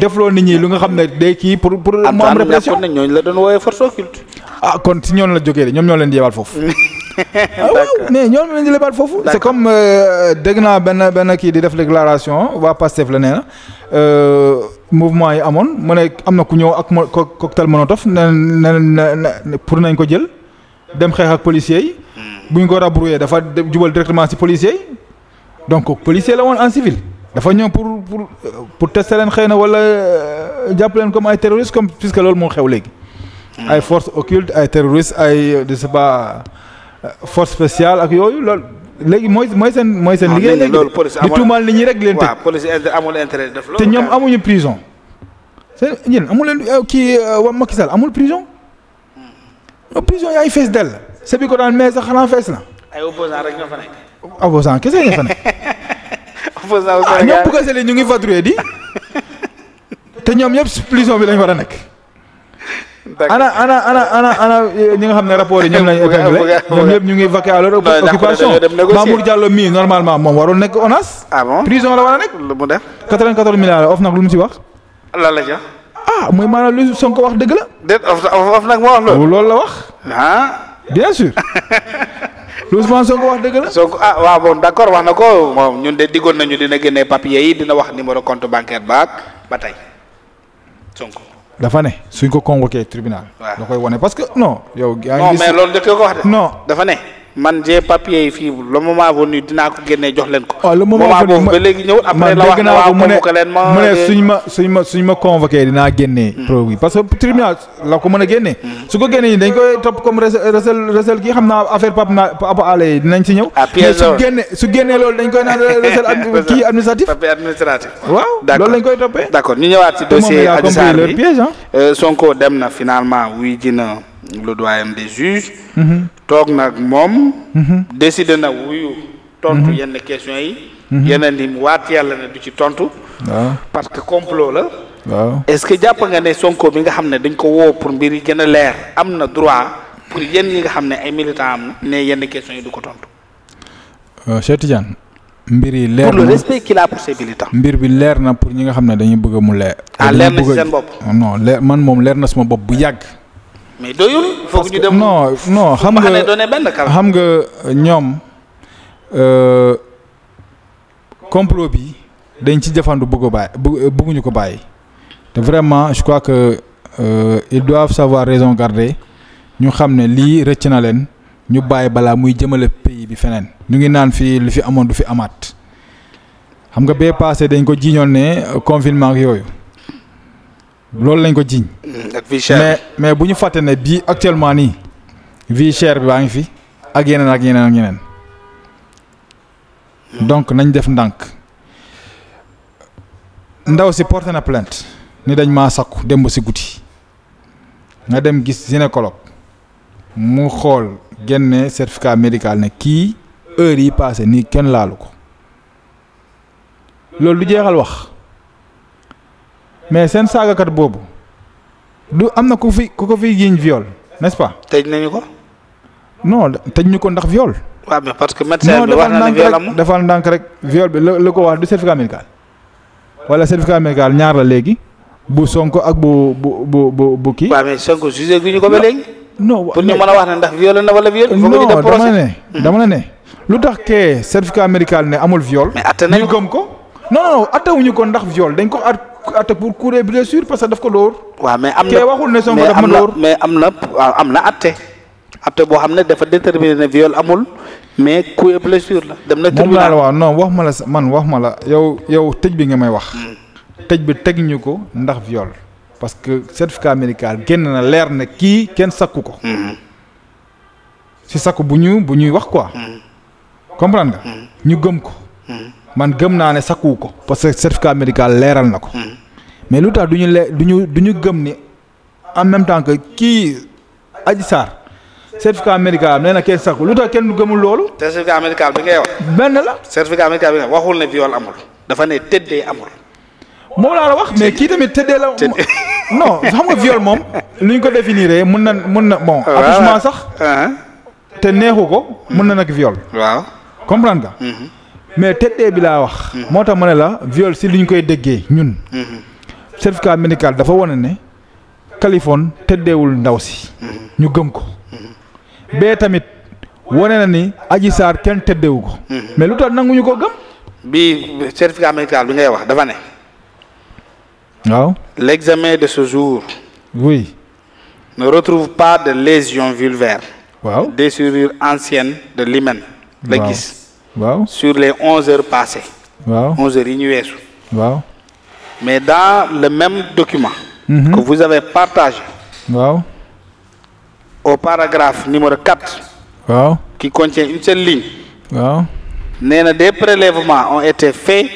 defloo nit ñi lu nga xam ne day kii pour pour. mu am répression ñooñu la doon woowee force occulte. ah kon si ñoom la jógee de ñoom ñoo leen di yebal foofu. Ah, mais ñoom ñoo leen di yebal foofu. c'est comme euh, dégg naa benn benn kii di def déclaration waa Pastef la nee na euh, mouvement yi amoon mu ne am na ku ñëw ak cocktail Molotov nee na pour nañ ko jël. dem xeex ak policiers yi. Hmm. bu ñu ko rabroué dafa jubal directement ci policiers yi donc policier la woon en civil. dafa ñëw pour pour pour tester leen xëy na wala euh, jàpp leen comme ay terroristes comme puisque lool moo xew léegi. Hmm. ay forces occultes ay terroristes ay de euh, sais pas euh, force spéciale ak yooyu lool léegi mooy mooy seen. mooy seen ah, liggéey léegi di tuumaal nit ñi rek leen tëj. waaw police amul intérêt def loolu te ñoom amuñu prison. seen ñun amul leen kii waa Macky amul prison. prison yaay fees dell. sa bi ko daan fees na. ay opposant rek ñoo fa nekk. opposant kese ñoo fa nekk. ñoom bu ñu ngi vadrouiller di te ñoom yëpp prison bi lañ war a nekk. ana ana ana ana ana ñi nga ñu ngi vaquer à leur occupation Mamour Diallo mii normalement moom warul nekk ONAS. ah bon prison la war a nekk. lu mu nag lu mu ci wax. lan la ah mooy maanaam lu Sonko wax dëgg la. déet of of nag moo wax loolu. loolu la wax. ah. bien sûr. lu Ousmane Sonko wax dëgg la. Sonko ah waaw bon d' accord wax na ko moom ñun de diggoon nañu dina génne papier yi dina wax numéro compte bancaire baak ba tey Sonko. dafa ne suñ ko convoqué tribunal. waaw da koy wone parce que non. yow mais loolu njëkk ko wax de. non dafa ne. man j'ai papier yi fii le moment venu dinaa ko génnee jox leen ko. waaw oh, le moment venu ba léegi ñëw après la wax ne waaw convoqué leen ma mu ne suñ ma suñ ma suñ ma convoqué dinaa génnee. Mm. preuve bi parce que tribunal la ko mën a génnee. Mm. su ko génnee dañ koy topp comme recel recel kii xam naa affaire Pape naa Pape Alé dinañ ci ñëw. ah pièce su génnee su génnee loolu dañ koy naan recel kii administratif. papier administratif. waaw loolu lañ koy toppee. d' accord ñu ñëwaat si dossier. Adji Sarr bi euh, Sonko dem na finalement wuy ji na. le doyen des juges. Mm-hmm. toog nag moom. Mm-hmm. décider na wuyu. tontu mm-hmm. yenn questions yi. yeneen yi mu waat yàlla na du ci tontu. waaw parce que complot la. waaw est-ce que jàpp nga ne Sonko bi nga xam ne dañ ko woo pour mbir yi gën a leer am na droit pour yenn yi nga xam ne ay militants am na. ne yenn questions yi du ko tontu. Euh, Cheikh Tidiane. mbir yi leer na pour le respect qu'il a pour ses militants. mbir bi leer na pour ñi nga xam ne dañu bëgg mu leer. ah leer na ci seen bopp. non leer man moom leer na suma bopp bu yàgg. mais doyul. foog ñu dem non non xam nga xam nga ñoom euh, complot bi dañ ci jëfandu bëgg a bàyyi bëgguñu ko bàyyi te vraiment je crois que euh, ils doivent savoir raison garder ñu xam ne lii rëcc na leen ñu bàyyi balaa muy jëmale pays bi feneen. ñu ngi naan fii lu fi amoon du fi amaat xam nga bee passé dañ ko jiiñoon ne confinement ak yooyu loolu lañ ko jiiñ ak vie mais bu ñu fàtte ne bii actuellement nii vie chère bi baa ngi fi ak yeneen ak yeneen ak yeneen hmm. donc nañ def ndànk ndaw si porte na plainte ni dañ maa sakku démb si guddi nga dem gis gynécologue mu xool génne certificat médical ne kii heure yi passé nii kenn laalu ko loolu du jeexal wax mais seen saagakat boobu du am na ku fi ku ko fi yéeñ viol n'est-ce pas. tëj nañu ko. non tëj ñu ko ndax viol. waaw mais parce que médecin bi wax na ne viol amul dafa bi la ko wax du certificat médical. wala certificat médical ñaar la léegi bu Sonko ak bu bu bu bu bu kii. waaw mais ko ba léegi. non pour ñu mën a wax ne dama ne ne. lu tax kee certificat médical ne amul viol. mais atte nañu ko ñu gëm ko. non ko ndax viol dañ ko at. atte ah, pour coups et blessures parce que daf ko dóor. waaw mais am na kee waxul ne Sonko daf ma mais am na waaw am na atte. atte boo xam ne dafa déterminer ne viol amul mais coup et blessure la. dem na tribunal waaw non wax ma la man wax ma la yow yow tëj bi nga may wax. Hmm. tëj bi teg ñu ko ndax viol. parce que certificat médical génn na leer ne kii kenn sakku ko. Hmm. si sakku bu ñu bu ñuy wax quoi. Hmm. comprendre nga. ñu gëm ko. man gëm naa ne sakku ko parce que certificat médical leeral na ko hmm. mais lu tax du ñu le du ñu du ñu gëm ni en même temps que kii aj Sarr certificat médical nee na kenn sakku lu tax kenn du gëmul loolu. certificat médical bi ngay wax. benn la. certificat médical bi nga waxul ne viol amul. dafa ne tëddee amul. moom laa la wax mais kii tamit tëddee la. non xam nga viol moom. lu ñu ko définiree mun na mun na bon. accouchement sax. Ah. te neexu ko. mun na nag viol. mais teddee bi laa wax. Mm-hmm. moo tax ma ne la viole si li ñu koy déggee ñun. Mm-hmm. certificat médical dafa wane ne Kaliphone teddeewul ndaw si. Mm-hmm. ñu gëm ko. bee tamit wane na ni Adji Sarr kenn teddeewu ko. mais lu tax nanguñu ko gëm. bi certificat médical bi ngay wax dafa ne. waaw. l'examen de ce jour. oui. ne retrouve pas de lésion vulvaire. waaw déchirure ancienne de l'hymen. la gis. waaw sur les onze heures passées. waaw onze heures yi ñu weesu. waaw mais dans le même document. Mm -hmm. que vous avez partagé. waaw. au paragraphe numéro quatre. waaw qui contient une seule ligne. waaw nee na des prélèvements ont été faits.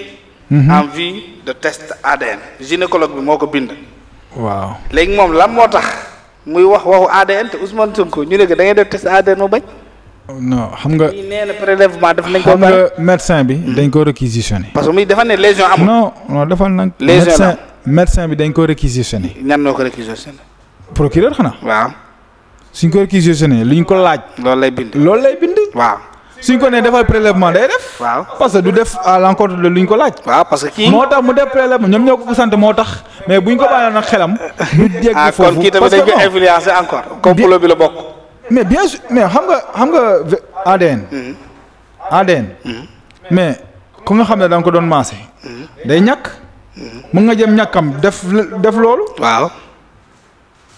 Mm -hmm. en vue de test ADN. gynécologue bi moo ko bind. waaw léegi moom lan moo tax muy wax waxu ADN te Ousmane Sonko ñu ne da ngay def test ADN mu bañ. non xam nga. nee na prélèvement def nañ ko xam nga hmm. médecin bi. dañ ko réquisitionné. parce que muy dafa ne lésion am non non dafa nag. lésion am médecin bi dañ ko réquisitionné. ñan noo ko réquisitionné. procureur xanaa. waaw. suñ ko réquisitionné luñ ko laaj. loolu lay bind. loolu lay bind. waaw. suñ ko nee defal prélèvement day def. waaw parce que du def à l'encontre de luñ ko laaj. waaw parce que kii. moo tax mu def prélèvement ñoom ñoo ko sant moo tax. mais buñ ko bàyyoon nag xelam. du ah, jéggi foofu parce que kii tamit dañ bi la bokk. mais bien sûr mais xam nga xam nga ADN. Mm-hmm. ADN. Mm-hmm. mais ku nga xam ne danga ko doon maase. Mm-hmm. day ñàkk. mën nga jëm ñàkkam def def loolu. waaw.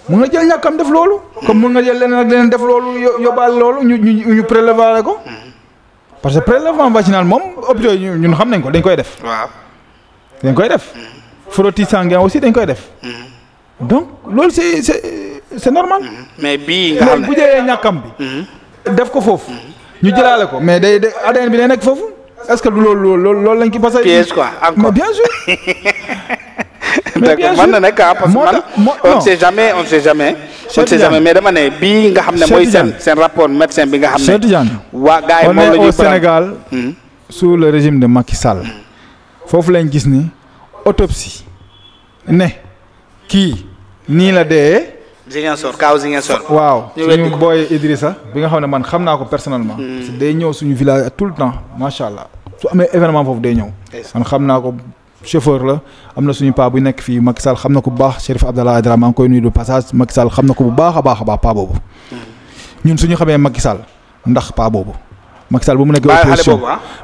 mën nga jël ñàkkam def loolu. comme mën nga jël leneen ak leneen def loolu yóbbaale loolu ñu ñu ñu prélever ko. parce que prélèvement vaginal moom hôpitaux yi ñun xam nañ ko dañ koy def. waaw dañ koy def. frottis sanguin aussi dañ koy def. donc loolu c'est c'est c'est normal. Mhm. mais bii nga xam bu jëlee ñàkkam bi. Mhm. def ko foofu. Mhm. ñu jëlaale ko mais day day ADN bi day nekk foofu est que loolu loolu loolu lañ ki parce que. pièce quoi encore mais bien sûr. mais bien sûr mën na nag ah, parce que man on ne sait jamais on ne sait jamais. ne sait jamais mais dama ne nga xam ne mooy seen seen rapport médecin bi nga xam ne. Cheikh Tidiane waa gars yi moom la ñuy au Sénégal. Hmm. sous le régime de Macky Sall. Hmm. foofu lañ gis ni autopsie. ne kii nii la dee. Ziguinchor Kaaw waaw suñu booy Idrissa bi nga xam ne man xam naa ko personnellement. Hmm. day ñëw suñu village tout le temps macha allah. su amee événement foofu day ñëw. man xam naa ko chauffeur la am na suñu paa bu nekk fii Macky Sall xam na ko bu baax Chérif Abdallah Aïdara maa ngi koy nuyu du passage Macky Sall xam na ko bu baax a baax a baax paa boobu. Hmm. ñun suñu xamee Macky saal ndax paa boobu. Macky Sall ba ah? mu nekkee opposition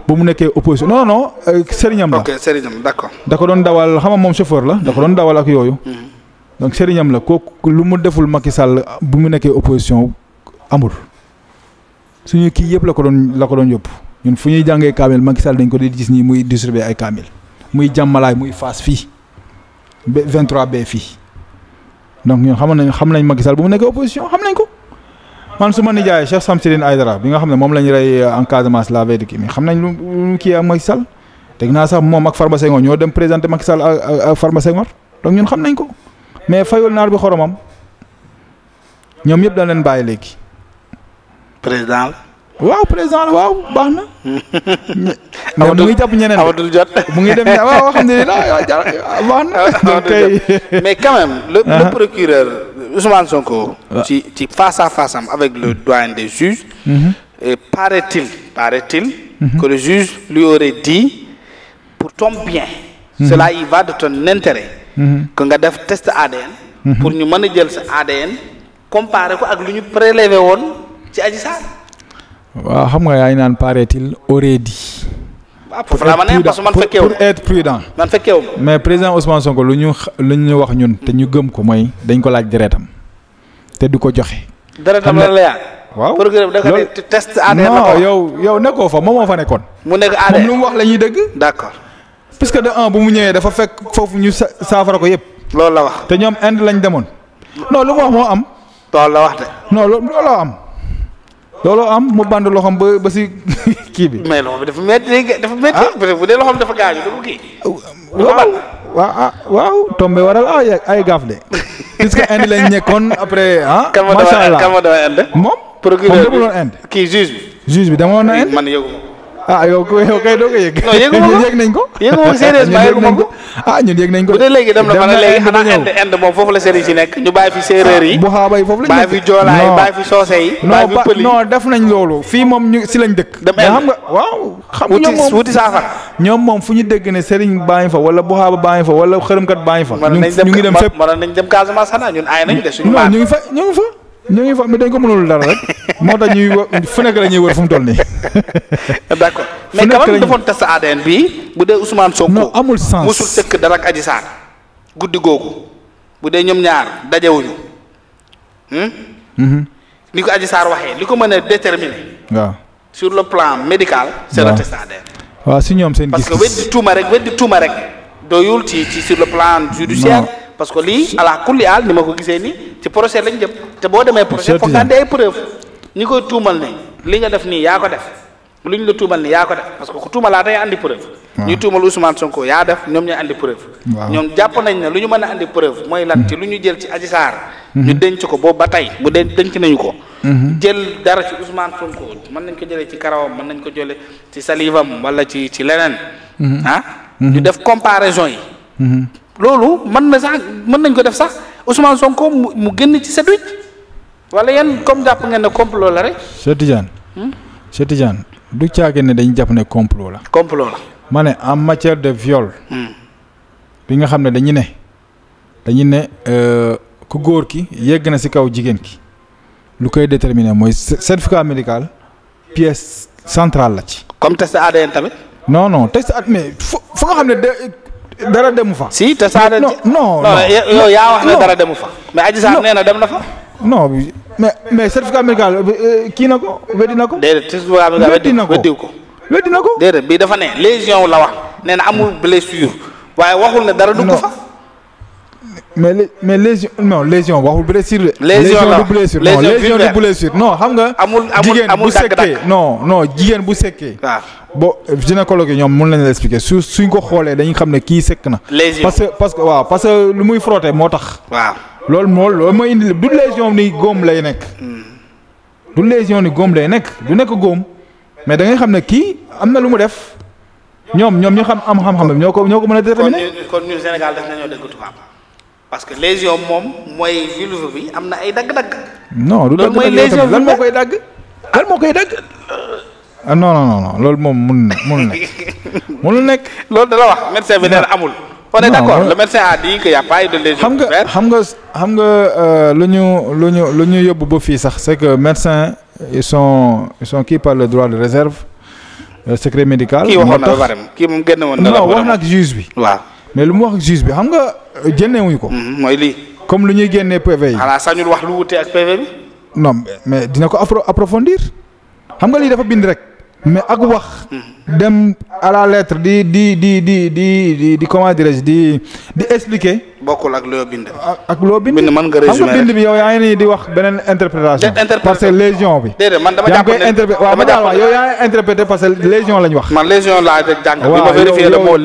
ba mu nekkee opposition no non euh, sëriñam la. ok sëriñam d'accord. da ko doon xam nga moom chauffeur la. ko doon dawal ak yooyu. Hmm. donc sëriñam la kook lu mu deful Macky Sall bu mu nekkee opposition amul suñu kii yëpp la ko doon la ko doon yóbbu ñun fu ñuy jàngee kaamil Macky Sall dañ ko di gis nii muy distribuer ay kaamil muy jàmmalaay muy faas fii ba 23 ba fii donc ñun xam nañ xam nañ Macky bu mu nekkee opposition xam ko man su ma nijaay Cheikh Samsidine Aydara bi nga xam ne moom la ñu rey euh, en Casamance kii xam nañ lu mu kii ak Macky Sall teg moom ak Farba Senghor ñoo dem présenté Macky Sall ak Farba Senghor donc ñun xam nañ ko. mais fayul naar bi xoromam ñoom ñëpp dañ leen bàyyi léegi. président la. waaw président la waaw baax na. mais mu ngi jàpp ñeneen awatul mu ngi dem waaw waaw baax na. mais quand même. le, uh-huh. procureur Ousmane Sonko. ci ci face à avec le doyen des juges. Mm-hmm. et paraît-il paraît-il. Mm-hmm. que le juge lui aurait dit pour ton bien. Mm-hmm. cela y va de ton intérêt. kon nga def test ADN. Mhm. pour ñu mën a jël sa ADN comparer ko ak lu ñu prélevé woon ci Adji Sarr. waaw xam nga yaa ngi naan paraît-il already. pour être prudent man fekkeewum mais président Ousmane ko lu ñu lu ñu wax ñun te ñu gëm ko mooy dañ ko laaj deretam te du ko joxe. deretam la la waaw programme da ko test ADN la ko yow yow nekkoo fa moom moo fa nekkoon. mu nekk ADN lu mu wax la ñuy dëgg. d'accord. que de un bu mu ñëwee dafa fekk foofu ñu saafara ko yëpp. loolu la wax te ñoom Inde lañ demoon. non lu mu wax moo am. loolu la wax de. non looloo am. looloo am mu band loxoom ba ba si kii bi. mais loxo bi dafa métti dafa métti. Ah. bu dee dafa gaañu dafa kii. Ah, waaw waaw waaw waral ah, ay ay gaaf de. puisque Inde lañ nekkoon après ah. macha allah kan ma demoon Inde. Inde. kii juge bi. juge bi demoon na Inde ah yow yow kay doo ko yëg. non ko yëg nañ ko. yëgu ma ko séeréer ba yëgu ma ah ñun yëg nañ ko bu dee léegi dem na fa ne léegi xanaa ind ind moom foofu la séeréer si nekk ñu bàyyi fi séeréer yi. bu xaabay yi bàyyi fi soose def nañ loolu fii moom si lañ dëkk. dem xam nga waaw. xam nga ñoom moom ñoom moom fu ñu dégg ne sëriñ bàyyi fa wala bu xaaba bàyyi fa wala xërëmkat bàyyi fa. ñu ngi dem fépp mën nañ dem Casamance xanaa ñun aay nañ de suñu. ñu fa ñu ngi fa ñu ngi fa mais dañ ko mënul dara rek moo tax ñuy fu nekk la ñuy wër fu mu toll nii. d' accord mais quand même defoon test ADN bi bu dee Ousmane Sonko. non amul sens musul tëkk dara ak Adji guddi googu bu dee ñoom ñaar dajewuñu hmm? mm-hmm. ni ko Adji Sarr waxee li ko mën a déterminer. waaw sur le plan médical. c' est le test ADN. waaw si ñoom seen gis parce que weddi tuuma rek weddi tuuma rek doyul ci ci sur le plan judiciaire. parce que lii ala kulli aal ni ma ko gisee nii ci procès lañ jëm te boo demee procès foog ñu koy tuumal ne li nga def nii yaa ko def lu ñu la tuumal ne yaa ko def parce que ku tuumalaa day andi preuve ñu tuumal Ousmane Sonko yaa def ñoom ñooy andi preuve ñoom nañ ne lu ñu mën andi preuve mooy lan ci lu ñu jël ci Adji Sarr ñu mhm. denc ko boobu ba tey bu dee denc nañu ko mhm. jël dara ci Ousmane mën nañ ko jëlee ci karawam mën nañ ko jëlee ci salivam wala ci ci leneen mhm. ah ñu def comparaison yi loolu mën na sax mën nañ ko def sax Ousmane Sonko mu génn ci sedd wala yan comme jàpp nga ne complot la rek. Cheikh Tidiane. Hmm? Cheikh Tidiane du caage ne dañu jàpp ne complot la. complot la. ma ne en matière de viol. Hmm. bi nga xam ne dañu ne dañu ne euh, ku góor ki yegg na ci kaw jigéen ki lu koy déterminer mooy certificat médical pièce centrale la ci. comme test ADN tamit. non non test mais fu nga xam ne dara demu fa. si te Saare. non non non yaa wax ne dara demu fa. mais Adji Sarr nee na dem na fa. non mais mais certificat médical euh, kii na ko weddi na ko. déedéet certificat médical weddi na ko weddi ko. weddi na ko déedéet bii dafa ne lésion la wax nee na amul blessure waaye waxul ne dara dugg fa. mais lé mais lésion non lésion waxul blessure de. lésion du blessure non lésion du blessure non xam nga. jigéen bu sekkee non non jigéen bu sekkee. Ah. bo gynécologue yi ñoom mun nañu la expliquer su suñ ko xoolee dañu xam ne kii sekk na. lésion parce que parce que waaw parce lu muy frotter moo tax. waaw loolu moo loolu mooy indi du lésion ni góom lay nekk. Hmm. du lésion ni góom lay nekk du nekk góom mais dangay xam ne kii am na lu mu def ñoom ñoom ñu xam am xam-xam ñoo ko ñoo ko mën a déterminer. kon ñun Sénégal def nañoo dégg tubaab parce que lésion moom mooy vulve bi am na ay dagg-dagg. non du dagg dagg lan koy dagg. lan koy dagg. Ah, loolu moom mun mun nekk loolu dala wax médecin bi nee amul. on est d'accord le médecin a dit qu'il y a pas de lésion. xam nga xam nga xam nga euh, lu ñu lu ñu lu ñu yóbbu ba fii sax c'est que médecins ils sont ils kii par le droit de réserve euh, secret médical. moo kii waxoon na ba pare kii moom génn woon na la non wax na ak juge bi waaw. mais lu mu wax juge bi xam nga euh, génnewuñu ko. Mm-hmm, mooy lii. comme lu ñuy génnee PV yi. xanaa sañul wax lu wute ak PV bi. non mais dina ko appro approfondir xam nga lii dafa bind rek. mais ak wax. Mm-hmm. dem à la lettre di di di di di di comment dirais-je di di expliquer. bokkul ak loo bind. ak loo bind mën nga résumé bind bi yow yaa nii di wax beneen interprétation. parce que légion bi. yaa ngi interprété parce que man légion laa jàng. waaw yow ma vérifié le mot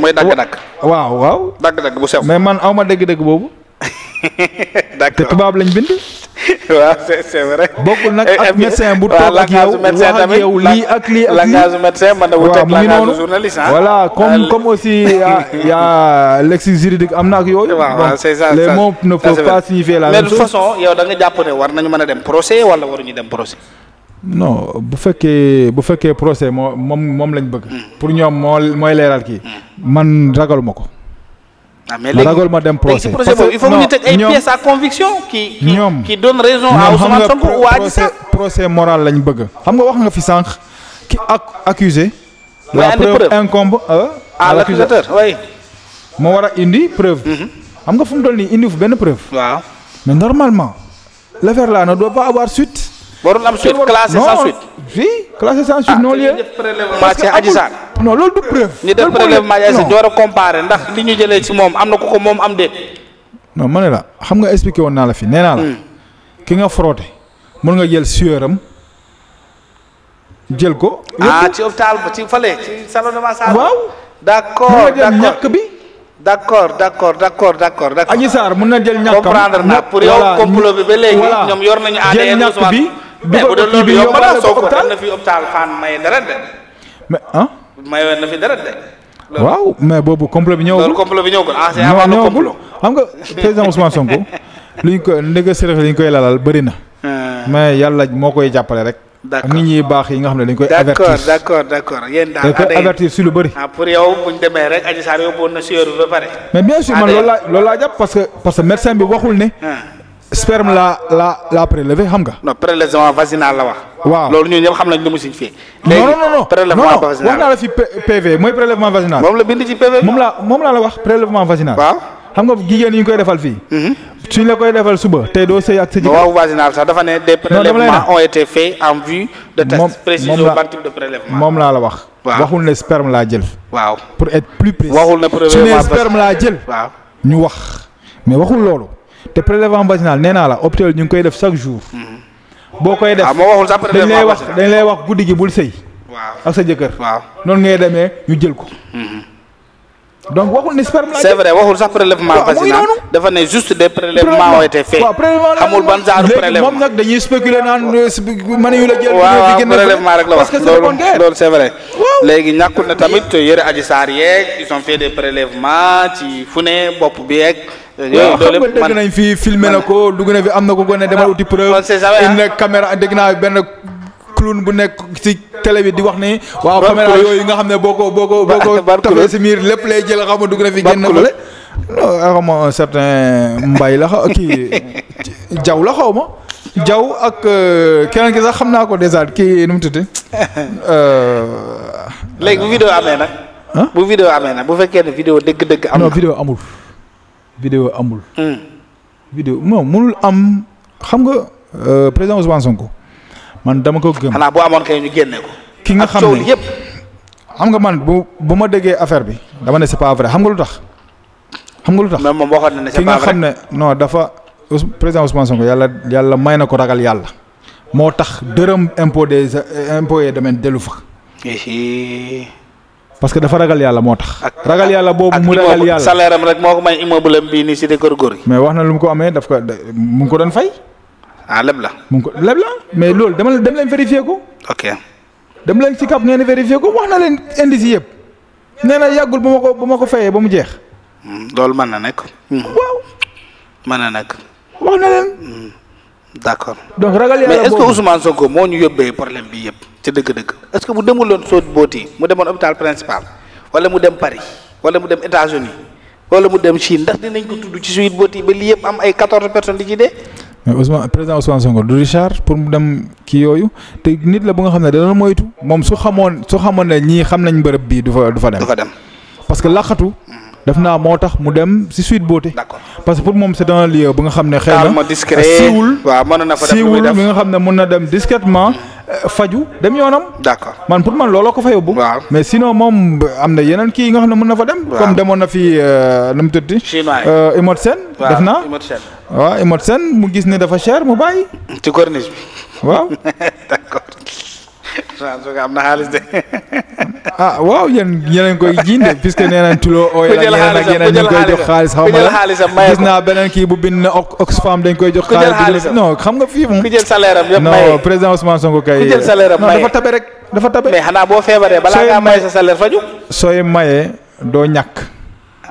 mooy dagg-dagg. waaw waaw. dagg-dagg bu sew. mais man aw ma dégg boobu. d'accord te tubaab lañ bind. waaw c'est c'est vrai. bokkul nag ak eh, eh, médecin bu toog ak yow lii ak lii ak lii langage médecin mën na wuteeg langage journaliste ah. voilà comme comme aussi y a lexique juridique am na ak yooyu. waaw c'est ça les mots ne peuvent pas signifier la même yow da nga jàpp ne war nañu mën a dem procès wala waruñu dem procès. non bu fekkee bu fekkee procès moo moom moom lañ bëgg. Hmm. pour ñoom moo mooy leeral kii. Hmm. man ragaluma ko. ah mais léegi ragal ma dem procès parce que il faut ñu bëgg. xam nga wax nga fi sànq ki ak accusé. la preuve incombe euh, à l'accusateur oui. moo war a indi preuve. Mhm. xam nga fu mu toll nii indi fu benn preuve. waaw mais normalement l'affaire là ne doit pas avoir suite. warul am suite classé sans suite. oui classé sans suite non lieu. parce que Adji Sarr non loolu du preuve. ñi def prélèvement Adji Sarr ñu war a comparer ndax li ñu jëlee ci moom am na ko ko moom am déet. non ma ne la xam nga expliqué woon naa la fi nee naa la. Hmm. ki nga frotté mën nga jël sueur am jël ko. ah ci hôpital ba ci fële ci salon de massage. waaw d'accord d'accord ñàkk bi. d'accord d'accord d'accord d'accord d'accord. Adji Sarr mën na jël ñàkkam comprendre naa pour yow complot bi ba léegi ñoom yor nañu. ADN jël ñàkk bi. mais bu doon loolu yomb na soo ko na fi hôpital fan may dara de. waaw mais boobu complot bi ñëwagul loolu complot bi ñëwagul ah c'est avant le complot xam nga président Ousmane Sonko luñ ko ndëgg sërëx liñ koy lalal bëri na. Ah. mais yàlla moo koy jàppale rek. d'accord nit ñi baax yi nga xam ne dañ koy. avertir d'accord d'accord yéen daal. dañ lu bëri. ah pour yow bu ñu demee rek Adji mais bien sûr man loolu laa loolu laa jàpp parce que parce bi waxul ne. Ah. sperme la la la prélevé xam nga. non prélèvement vaginal la wax. waaw loolu ñun ñëpp xam nañ lu mu signifié. léegi prélèvement vaginal non non non wax naa la fi PV mooy prélèvement vaginal. moom la bind ci PV. moom la moom laa la wax prélèvement vaginal. waaw xam nga jigéen yi ñu koy defal fii. Mhm. suñ la koy defal suba tey doo sëy ak sa jigéen. waaw vaginal sax dafa ne des prélèvements ont été faits en vue de test précis au ban type de prélèvement. moom laa la wax. waaw waxul ne sperme laa jël. waaw pour être plus précis. waxul ne prélèvement su ne sperme laa jël. waaw ñu wax mais waxul loolu. te prélèvement vaginal nee naa la hôpital ñu ngi koy def chaque jour. Mm-hmm. boo koy def ah, dañ lay wax dañ lay wax guddi gi bul sëy. waaw ak sa jëkkër. waaw noonu ngay demee ñu jël ko. Mm-hmm. donc waxul ni sperme la. c'est vrai waxul sax prélèvement vaginal ah. dafa ne juste des prélèvements ont été faits. amul ban genre prélèvement moom nag dañuy spéculer naan euh, mënuñu la jël. waaw prélèvement rek la wax loolu loolu c'est vrai. léegi ñàkkul na tamit yëre aji saar yeeg ils ont fait des prélèvements ci fu ne bopp bi yeeg. yooyu nañ fi filmé na ko dugg na fi am na ko gone demal ah, uti preuve. on sait jamais une ah. caméra benn. clown bu nekk si télé bi di wax ne waaw caméra yooyu nga xam ne boo ko boo ko boo ko tafee si miir lépp lay jël xaw ma dugg na fi génn fële non xaw la xaw ma jaw ak euh, keneen ki sax xam naa ko dèjà kii nu mu euh, léegi bu vidéo amee nag bu vidéo amee nag bu fekkee ne vidéo dëgg-dëgg am non vidéo amul vidéo amul mënul hmm. am xam nga euh, président Ousmane Sonko man dama ko gëm. xanaa boo amoon kay ñu génne ko. ki nga xam ne yëpp. xam nga man bu bu ma déggee affaire bi dama ne c'est xam nga lu tax. xam nga lu moom waxoon na ne c'est pas vrai ki nga xam ne non dafa président Ousmane Sonko yàlla yàlla may na ko ragal yàlla. moo tax dërëm impôt des impôt yi demee dellu fa. parce que dafa ragal yàlla moo tax. ragal yàlla boobu mu ragal yàlla salaire am rek moo ko may immeuble am bii nii si kër góor yi. mais wax na lu mu ko amee daf ko mu ngi ko doon fay. ah leb la. mu ko leb la mais loolu dama leen dem leen vérifier ko. ok dem leen si kap ngeen vérifier ko wax na leen indice yëpp nee na yàggul ba ma ko ba ma ko fayee ba mu jeex. Hmm, loolu mën na nekk. Hmm. waaw mën na nekk. wax na leen. Hmm. d' accord donc ragal yàlla mais est ce que Ousmane Sonko moo ñu yóbbee problème bi yëpp ci dëgg-dëgg est ce que bu demuloon sóot booti mu demoon hôpital principal wala mu dem Paris wala mu dem États-Unis wala mu dem Chine ndax dinañ ko tudd ci suite booti ba lii yëpp am ay quatorze personnes di ci dee. mais Ousmane président Ousmane Sonko du Richard pour mu dem kii yooyu te nit la bu nga xam ne dana moytu moom su xamoon su xamoon ne ñii xam nañ bërëb bii du fa du fa dem. parce que laqatu. def naa moo tax mu dem si suite boote. d'accord parce que pour moom c'est un bu nga xam ne. xëy na siiwul waaw siiwul bi nga xam ne mën na dem discrètement. faju dem yoonam. d'accord man pour man looloo ko fa yóbbu. mais sinon moom am na yeneen kii yi nga xam ne mën na fa dem. comme demoon na fi euh, nu mu tëddi. chinois yi euh, Imot Sen. def naa waaw Imot Sen mu gis ne dafa cher mu bàyyi. ci corniche bi. waaw Sonko am na xaalis de. ah waaw yéen yéen koy jiinde puisque nee nañ tuloo ooy la yéen ak yéen ñu koy jox xaalis xaw ma la gis naa beneen kii bu bind Oxfam dañ koy jox xaalis no xam nga fii moom ku jël salaire am yëpp maye non président Ousmane Sonko kay ku jël dafa tabe rek dafa tabe mais xanaa boo feebaree balaa ngaa maye sa salaire faju sooy maye doo ñàkk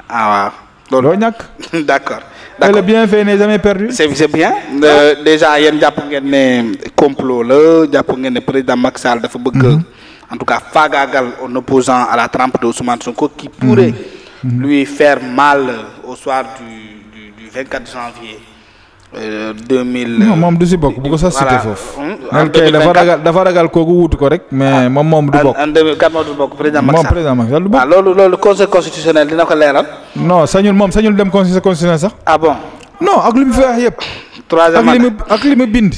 ah doo ñàkk et le bienfait n'est jamais perdu. c' est bien euh, déjà yéen jàpp ngeen ne complot la jàpp ngeen ne président Macky Sall dafa bëgg. Mhm. en tout cas faagaagal en opposant à la trempe de Ousmane Sonko qui pourrait mhm. Mhm. lui faire mal au soir du janvier. Euh, deux mille. moom du si bokk bu ko sax cité foofu. voilà hmm? kay dafa ragal dafa ragal kooku wuutu ko rek. mais ah. moom moom du bokk. en deux mille quatre moom du bokk moom président ah, loolu loolu conseil constitutionnel dina ko leeral. non sañul moom sañul dem conseil constitutionnel sax. ah bon. non ak li mu fi wax yëpp. ak li ak li bind.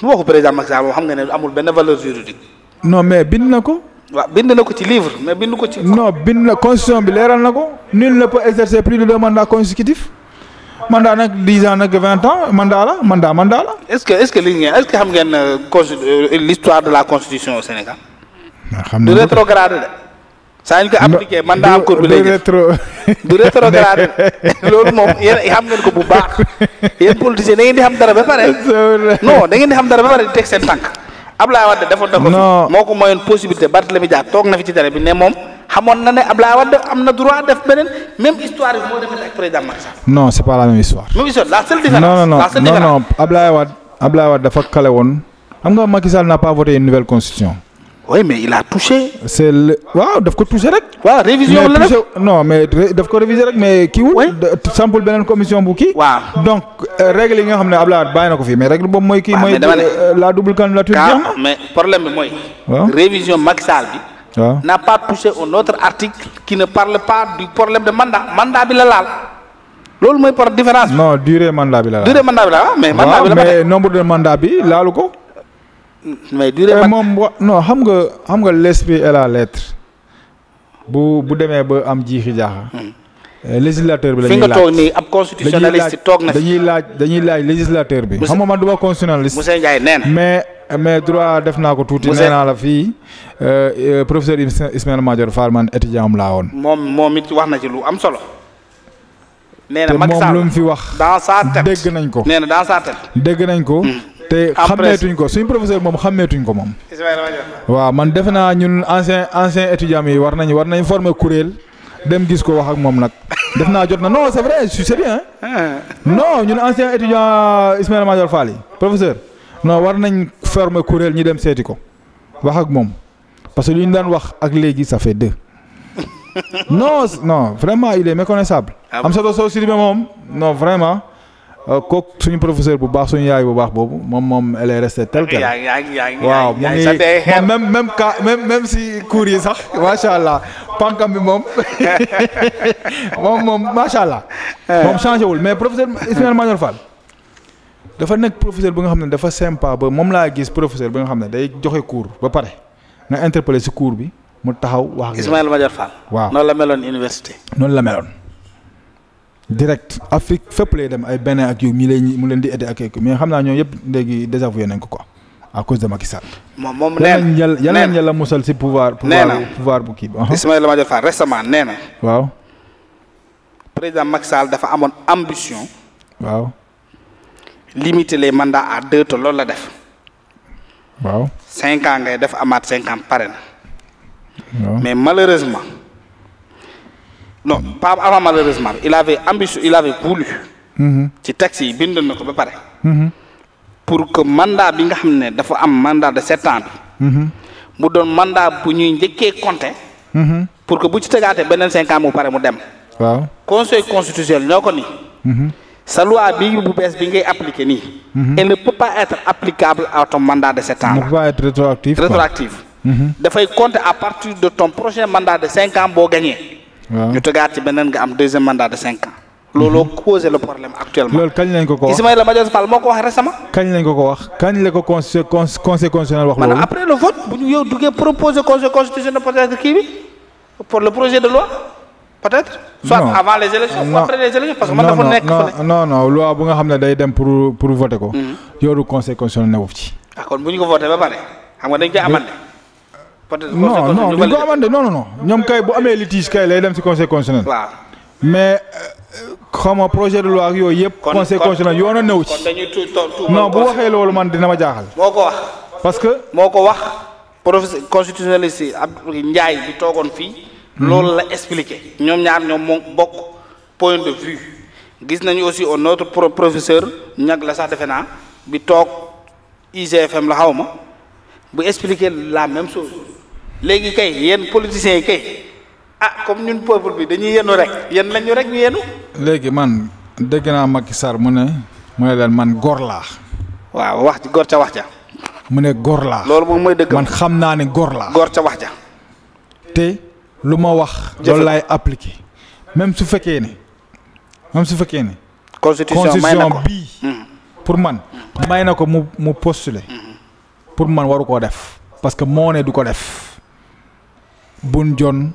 bu waxu président Macky Sall moom xam ne amul benn valeur juridique. non mais bind na ko. waaw bind na ko ci livre mais bind ko ci. non bind na constitution bi leeral na ko. nul ne peut exercer plus de mandat nag dix ans nag vingt ans mandat la mandat mandat la. est ce que est ce que li ngeen est ce que xam ngeen euh, euh, l'histoire de la constitution au Sénégal. Ah, xam nga du rétrograde de. saa ñu ko appliqué mandat en cours bi lay def du rétrograde loolu moom yéen xam ngeen ko bu baax yéen politiciens da ngeen di xam dara ba pare. non da ngeen di xam dara ba pare di teg seen tànk. Abdoulaye Wade defoon na ko fi moo ko mayoon possibilité Barthélemy Dias toog na fi ci télé bi ne moom xamoon na ne Abdoulaye Wade am na droit def beneen même histoire bi moo defee ak président Macky Sall. non c'est pas la même histoire. même histoire la seule différence. non non non non Abdoulaye dafa kale woon xam nga Macky Sall n'a pas voté une nouvelle constitution. oui mais il a touché. c' est le waaw daf ko touché rek. waaw révision la rek non mais daf ko réviser rek mais. kii wul sampul beneen commission bu kii. waaw donc euh, règle yi nga xam ne Abdoulaye bàyyi na ko fi mais règle mooy. kii mooy euh, la double candidature. mais problème bi mooy. waaw révision Macky Sall bi. waaw n'a pas touché un autre article. qui ne parle pas du problème de mandat mandat bi la laal. loolu mooy par différence. non durée mandat bi la laal mais. mandat bi la nombre de mandat bi laalu ko. mais durée moom wa non xam nga xam nga l'esprit et la lettre bu bu demee ba am jiixi jaaxa. Hmm. Euh, législateur bi la ñuy laaj fi nga toog toog na dañuy laaj dañuy laaj législateur bi. xam nga man du ma constitutionnaliste. monsieur Ndiaye nee na mais mais droit def naa ko tuuti. nee la fii euh, euh, professeur Ismaïla Madior Fall man étudiant am laa woon. moom moom it wax na ci lu am solo. nee na Macky moom lu mu fi wax. dans sa tête nañ ko. nee na dans sa dégg nañ ko. Hmm. te xàmmeetuñ ko suñ professeur moom xàmmeetuñ ko moom. waaw man defe naa ñun ancien ancien étudiants yi war nañu war nañ former kuréel dem gis ko wax ak moom nag def naa jot na non c'est vrai c'est bien. Ah. non ñun ancien étudiant Ismaïla Madior Fall yi professeur non war nañ former kuréel ñi dem seeti ko wax ak moom parce que li ñu daan wax ak léegi ça fait deux. non non vraiment il est méconnaissable. Ah am sa doo soo moom non vraiment. Euh, kook suñu professeur bu baax suñu yaay bu baax boobu moom moom elle est restée telle quelle waaw mu ngi même même cas même même si cours yi sax macha allah pankam bi moom moom moom macha allah. moom changé wul mais professeur Ismaël Madior Fall dafa nekk professeur bi nga xam ne dafa sympa ba moom laa gis professeur bi nga xam ne day joxe cours ba pare nga interpellé si cours bi mu taxaw wax. Ismaël Madior Fall. waaw noonu la meloon université. noonu la meloon. direct Afrique fépp lay dem ay Bénin ak yu mi lay mu leen di aider ak mais xam naa ñoom yëpp léegi désavoué nañ ko quoi à cause de Macky Sall. moom moom nee na yal nañu yàlla musal si pouvoir. nee na pouvoir bu kii bi. Uh-huh. Ismaïla Madior Fall récemment nee na. waaw. président Macky Sall dafa amoon ambition. waaw. limiter les mandats à deux te loolu la def. waaw cinq ans ngay def amaat cinq ans pare na. mais non pas avant malheureusement il avait ambition il avait voulu. ci texte yi ko ba pare. pour que mandat bi nga xam ne dafa am mandat de sept ans bi. mu doon mandat bu ñuy njëkkee compter. pour que bu ci tegaatee beneen cinq ans mu pare mu dem. waaw conseil constitutionnel ñoo ko nii. sa bi bu bees bi ngay appliquer nii. elle ne peut pas être applicable à ton mandat de sept ans. ne peut pas être rétroactive rétroactive. dafay compter à partir de ton prochain mandat ñu tegaat ci beneen nga am deuxième mandat de cinq ans. looloo mhm. causé le problème actuellement. loolu kañ lañ ko ko wax Ismaïla moo ko wax récemment. kañ lañ ko ko wax kañ la ko conseil conseil constitutionnel wax. maanaam après le vote bu ñu yow duggee proposé conseil constitutionnel peut-être kii bi pour le projet de loi peut-être. soit non. avant les élections parce que man dafa nekk fële. non non loi bu nga xam ne day dem pour pour voter ko. Mhm. yoru conseil constitutionnel newu ci. ah kon bu ñu ko voté ba pare xam nga dañ koy amandé. peut-être non non duñ ko amande non non non ñoom kay bu amee litige kay lay dem si conseil constitutionnel. waaw mais euh, xawma projet de loi ak yooyu yëpp. conseil constitutionnel yoon a néew ci. non bu waxee loolu man dina ma jaaxal. moo ko wax. parce que moo ko wax. professeur constitutionnaliste yi ab Ndiaye bi toogoon fii. Mhm. loolu la expliqué. ñoom ñaar ñoom moo bokk point de vue. gis nañu aussi un autre professeur ñag la sax defe naa bi toog IGFM la xaw ma bu expliqué la même chose. léegi kay yéen politiciens yi kay ah comme ñun peuple bi dañuy yenu rek yéen lañu rek ñu yenu léegi man dégg naa Macky sar mu ne mu ne leen man góor laa. waaw wax ci góor ca wax ja. mu ne góor laa. loolu moom mooy dëgg man xam naa ne góor laa. góor ca wax ja. te lu ma wax. jollaay laay appliqué. même su fekkee ni même su fekkee ni constitution may na bii. Hmm. pour man may na ko mu mu postuler. Hmm. pour man waru koo def. parce que moo ne du ko def. Bun Jon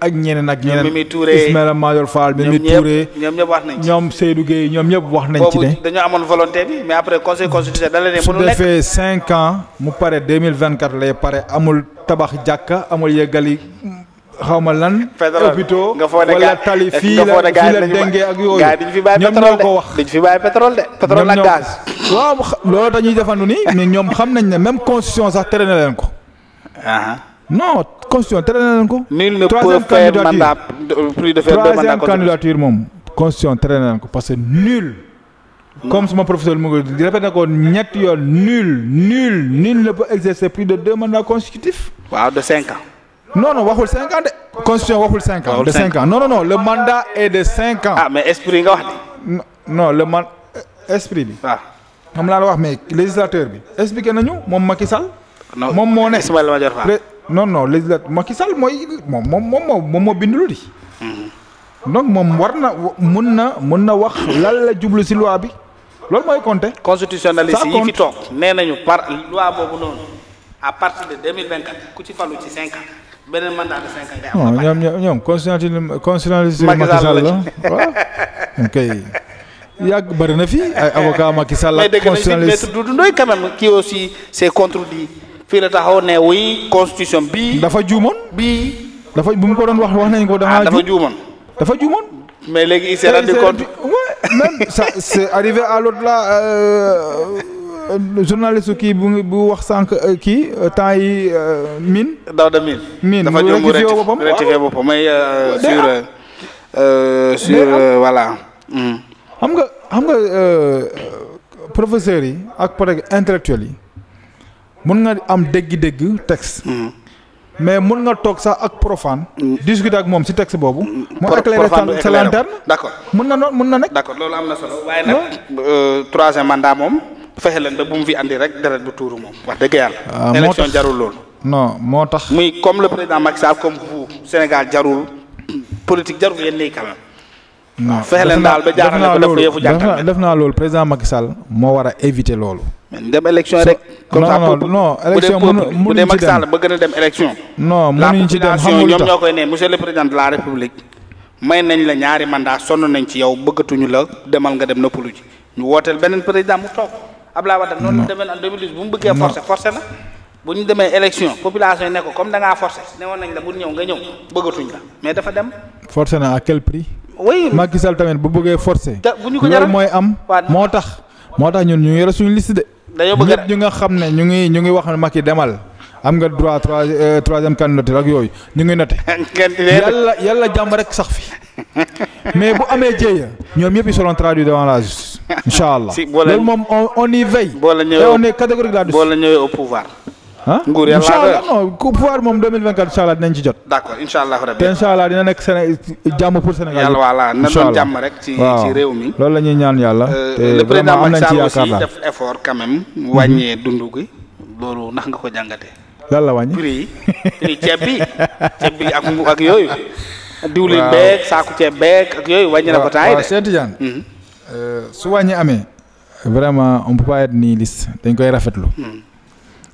ak ñeneen ak ñeneen Mimi Touré Ismaïla Madior Fall Mimi Touré ñoom ñëpp wax nañ ci ñoom Seydou Gueye ñoom ñëpp wax nañ ci ne dañoo amoon volonté bi mais après conseil constitutionnel da la ne mënul nekk vingt quatre lay pare amul tabax jàkk amul yeggali xaw ma lan. hôpitaux wala tali fii la fii la denge ak yooyu ñoom ñoo ko wax dañ fi bàyyi pétrole de pétrole ak gaz. waaw loolu dañuy defandu ni mais ñoom xam nañ ne même constitution sax tere na leen ko. Ah ah. non constitution tere na leen ko. nul ne peut faire troisième candidature moom constitution tere na parce que nul. comme suma professeur mu ngi di répété ko ñetti yoon nul nul nul ne peut exercer plus de deux mandats consécutifs. waaw de cinq ans. non non waxul cinq ans de. constitution waxul cinq ans. de cinq ans non non non le mandat est de cinq ans. ah mais esprit nga wax de. non le man esprit bi. waaw ah. xam laa la wax mais législateur bi. expliqué nañu moom Macky Sall. moom moo ne non non législatif Macky Sall mooy moom moom moo moom moo bind lu di. donc moom war na mun na mun na wax lan la jublu si loi bi loolu mooy compter. constitutionnaliste yi fi toog nee nañu par loi boobu noonu à partir de deux mille vingt quatre ku ci falu ci cinq ans beneen mandat de cinq ans. waaw ñoom ñoom ñoom constitutionnaliste constitutionnaliste Macky Sall la waaw kay. yàgg bëri na fi ay avocat Macky Sall. constitutionnaliste mais dégg nañu si maître Doudou Ndoye quand même qui aussi s'est contredit fii la taxaw ne wuy constitution bii. dafa juumoon. bii. dafa bu mu ko doon wax wax nañ ko. Ah, dafa dafa juumoon. dafa juumoon. mais léegi il s'est rendu compte. même ça c'est arrivé à l'autre là euh, euh, journaliste kii bu bu wax sànq euh, kii temps yi mine. Daouda de mine dafa juum bu rectifié boppam mais ah, sur sur ah. voilà. Hmm. xam nga xam nga professeurs yi ak peut-être yi. mun nga am dégg-dégg texte. Hmm. mais mun nga toog sax ak profane. Hmm. discuter ak moom si texte boobu. Hmm. mu éclairer sa d' accord mun nga noon mun na nekk. d' accord loolu am na solo waaye nag. Euh, troisième mandat moom. fexe leen ba bu mu fi andi rek deret bu tuuru moom. wax dëgg yàlla. Ah, élection jarul loolu. non moo tax. muy comme le président Macky Sall comme vous Sénégal jarul politique jarul yéen nii quand même. fexe leen daal ba jaarale ko def ko yëfu jàkkaarloo def naa loolu président Macky Sall moo war a éviter loolu. mais dem élection rek. comme ça non a dem la république. may nañ sonn nañ ci yow bëggatuñu la demal nga dem noppalu ji ñu wooteel beneen président mu toog. Abdoulaye Wade noonu la demee en na. bu ñu demee élection population yi da ngaa forcé ne woon nañ la bu ñëw nga ñëw bëggatuñ la mais dafa dem. forcé na à quel prix. oui Macky tamit bu bëggee forcé. bu ñu ko jaral mooy am. moo tax moo tax ñun ñu yore suñu liste de. dañoo bëgg ñëpp ñu nga xam ne ñu ngi ñu ngi wax ne Macky demal am nga droit trois euh, troisième candidature ak yooyu ñu ngi noté. yàlla yàlla jàmb rek sax fi mais bu amee jéeya ñoom ñëpp solon seront traduits devant la justice. incha allah loolu moom on on y veille. la ñëwee on est catégorique la ñëwee au ah nguur yàlla incha allah non ku pouvoir moom 2024 incha allah dina nekk Séné jàmm pour Sénégal. na doon jàmm rek. ci réew mi loolu la ñuy ñaan yàlla. Euh, te vraiment am nañ ci yaakaar aussi def effort quand wàññee dund gi loolu ndax nga ko jàngatee. lan la wàññi prix yi prix ceeb bi ceeb bi ak mu ak yooyu. waaw diwlin beeg saako ceeb beeg ak yooyu wàññi na ko taay de. Mhm. Euh, su wàññi amee. vraiment on peut pas être dañ koy rafetlu. Mhm.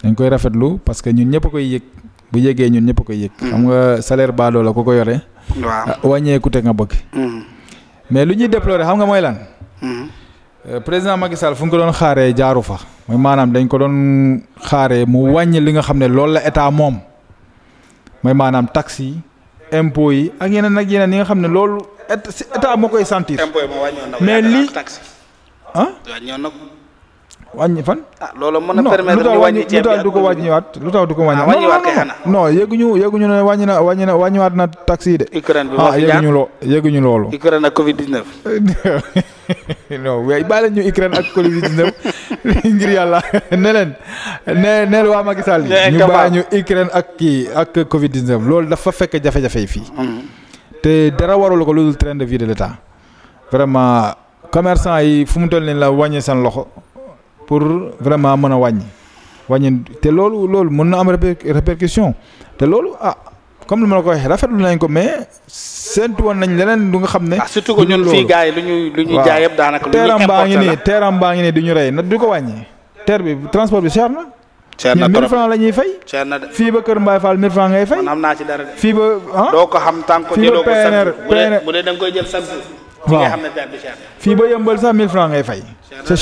dañ koy rafetlu parce que ñun ñëpp a koy yëg bu yëgee ñun ñëpp koy yëg. xam nga salaire baadoo la ku ko yore. waaw ah, wàññeeku nga bëgg. Mm. mais lu ñuy déplorer xam nga mooy lan. Mm. Euh, président Macky Sall fu nga ko doon xaaree jaaru fa. mooy maanaam dañ ko doon xaaree mu wàññi li nga xam ne loolu la état moom mooy maanaam taxes yi impôts yi ak yeneen ak yeneen yi nga xam ne loolu état moo koy sentir. impôts yi moo wàññoon na mais lii wàññi fan. ah loolu mën na permettre ñu wàññi ceeb bi lu tax du ko wàññiwaat lu tax du ko ah, wàññiwaat. ah wàññiwaat kay xanaa non na wàññi na na taxi yi de. Ukraine ah, loo yëguñu loolu. Ukraine ak Covid 19. non ñu Ukraine ak Covid 19 ngir yàlla ne leen ne neel waa Macky Sall yi ñu bàyyi ñu Ukraine ak kii ak Covid 19 loolu dafa fekk jafe-jafe yi fii. Mm-hmm. te dara warul ko lu dul train de vie de l'État vraiment commerçant yi fu mu toll nii la wàññi seen loxo pour vraiment mën a wàññi wàññi te loolu loolu mën na am répercussion te loolu ah comme lu ma la ko waxee rafetlu nañ ko mais séntu woon nañ leneen lu nga xam ne. Ah, surtout que ñun fii yi lu ñuy lu ñuy jaay yëpp daanaka. lu ñuy importé la teeram baa ngi nii teeram ñu rey nag du ko wàññi. teer bi transport bi cher na. cher na trop 1000 francs la ñuy fay. cher fii ba Kër Mbaye Fall 1000 francs ngay fay. man am naa ci dara fii ba ah ko xam tant que jëloo ko PNR PNR fii ba yëmbal sax 1000 francs ngay fay. c'est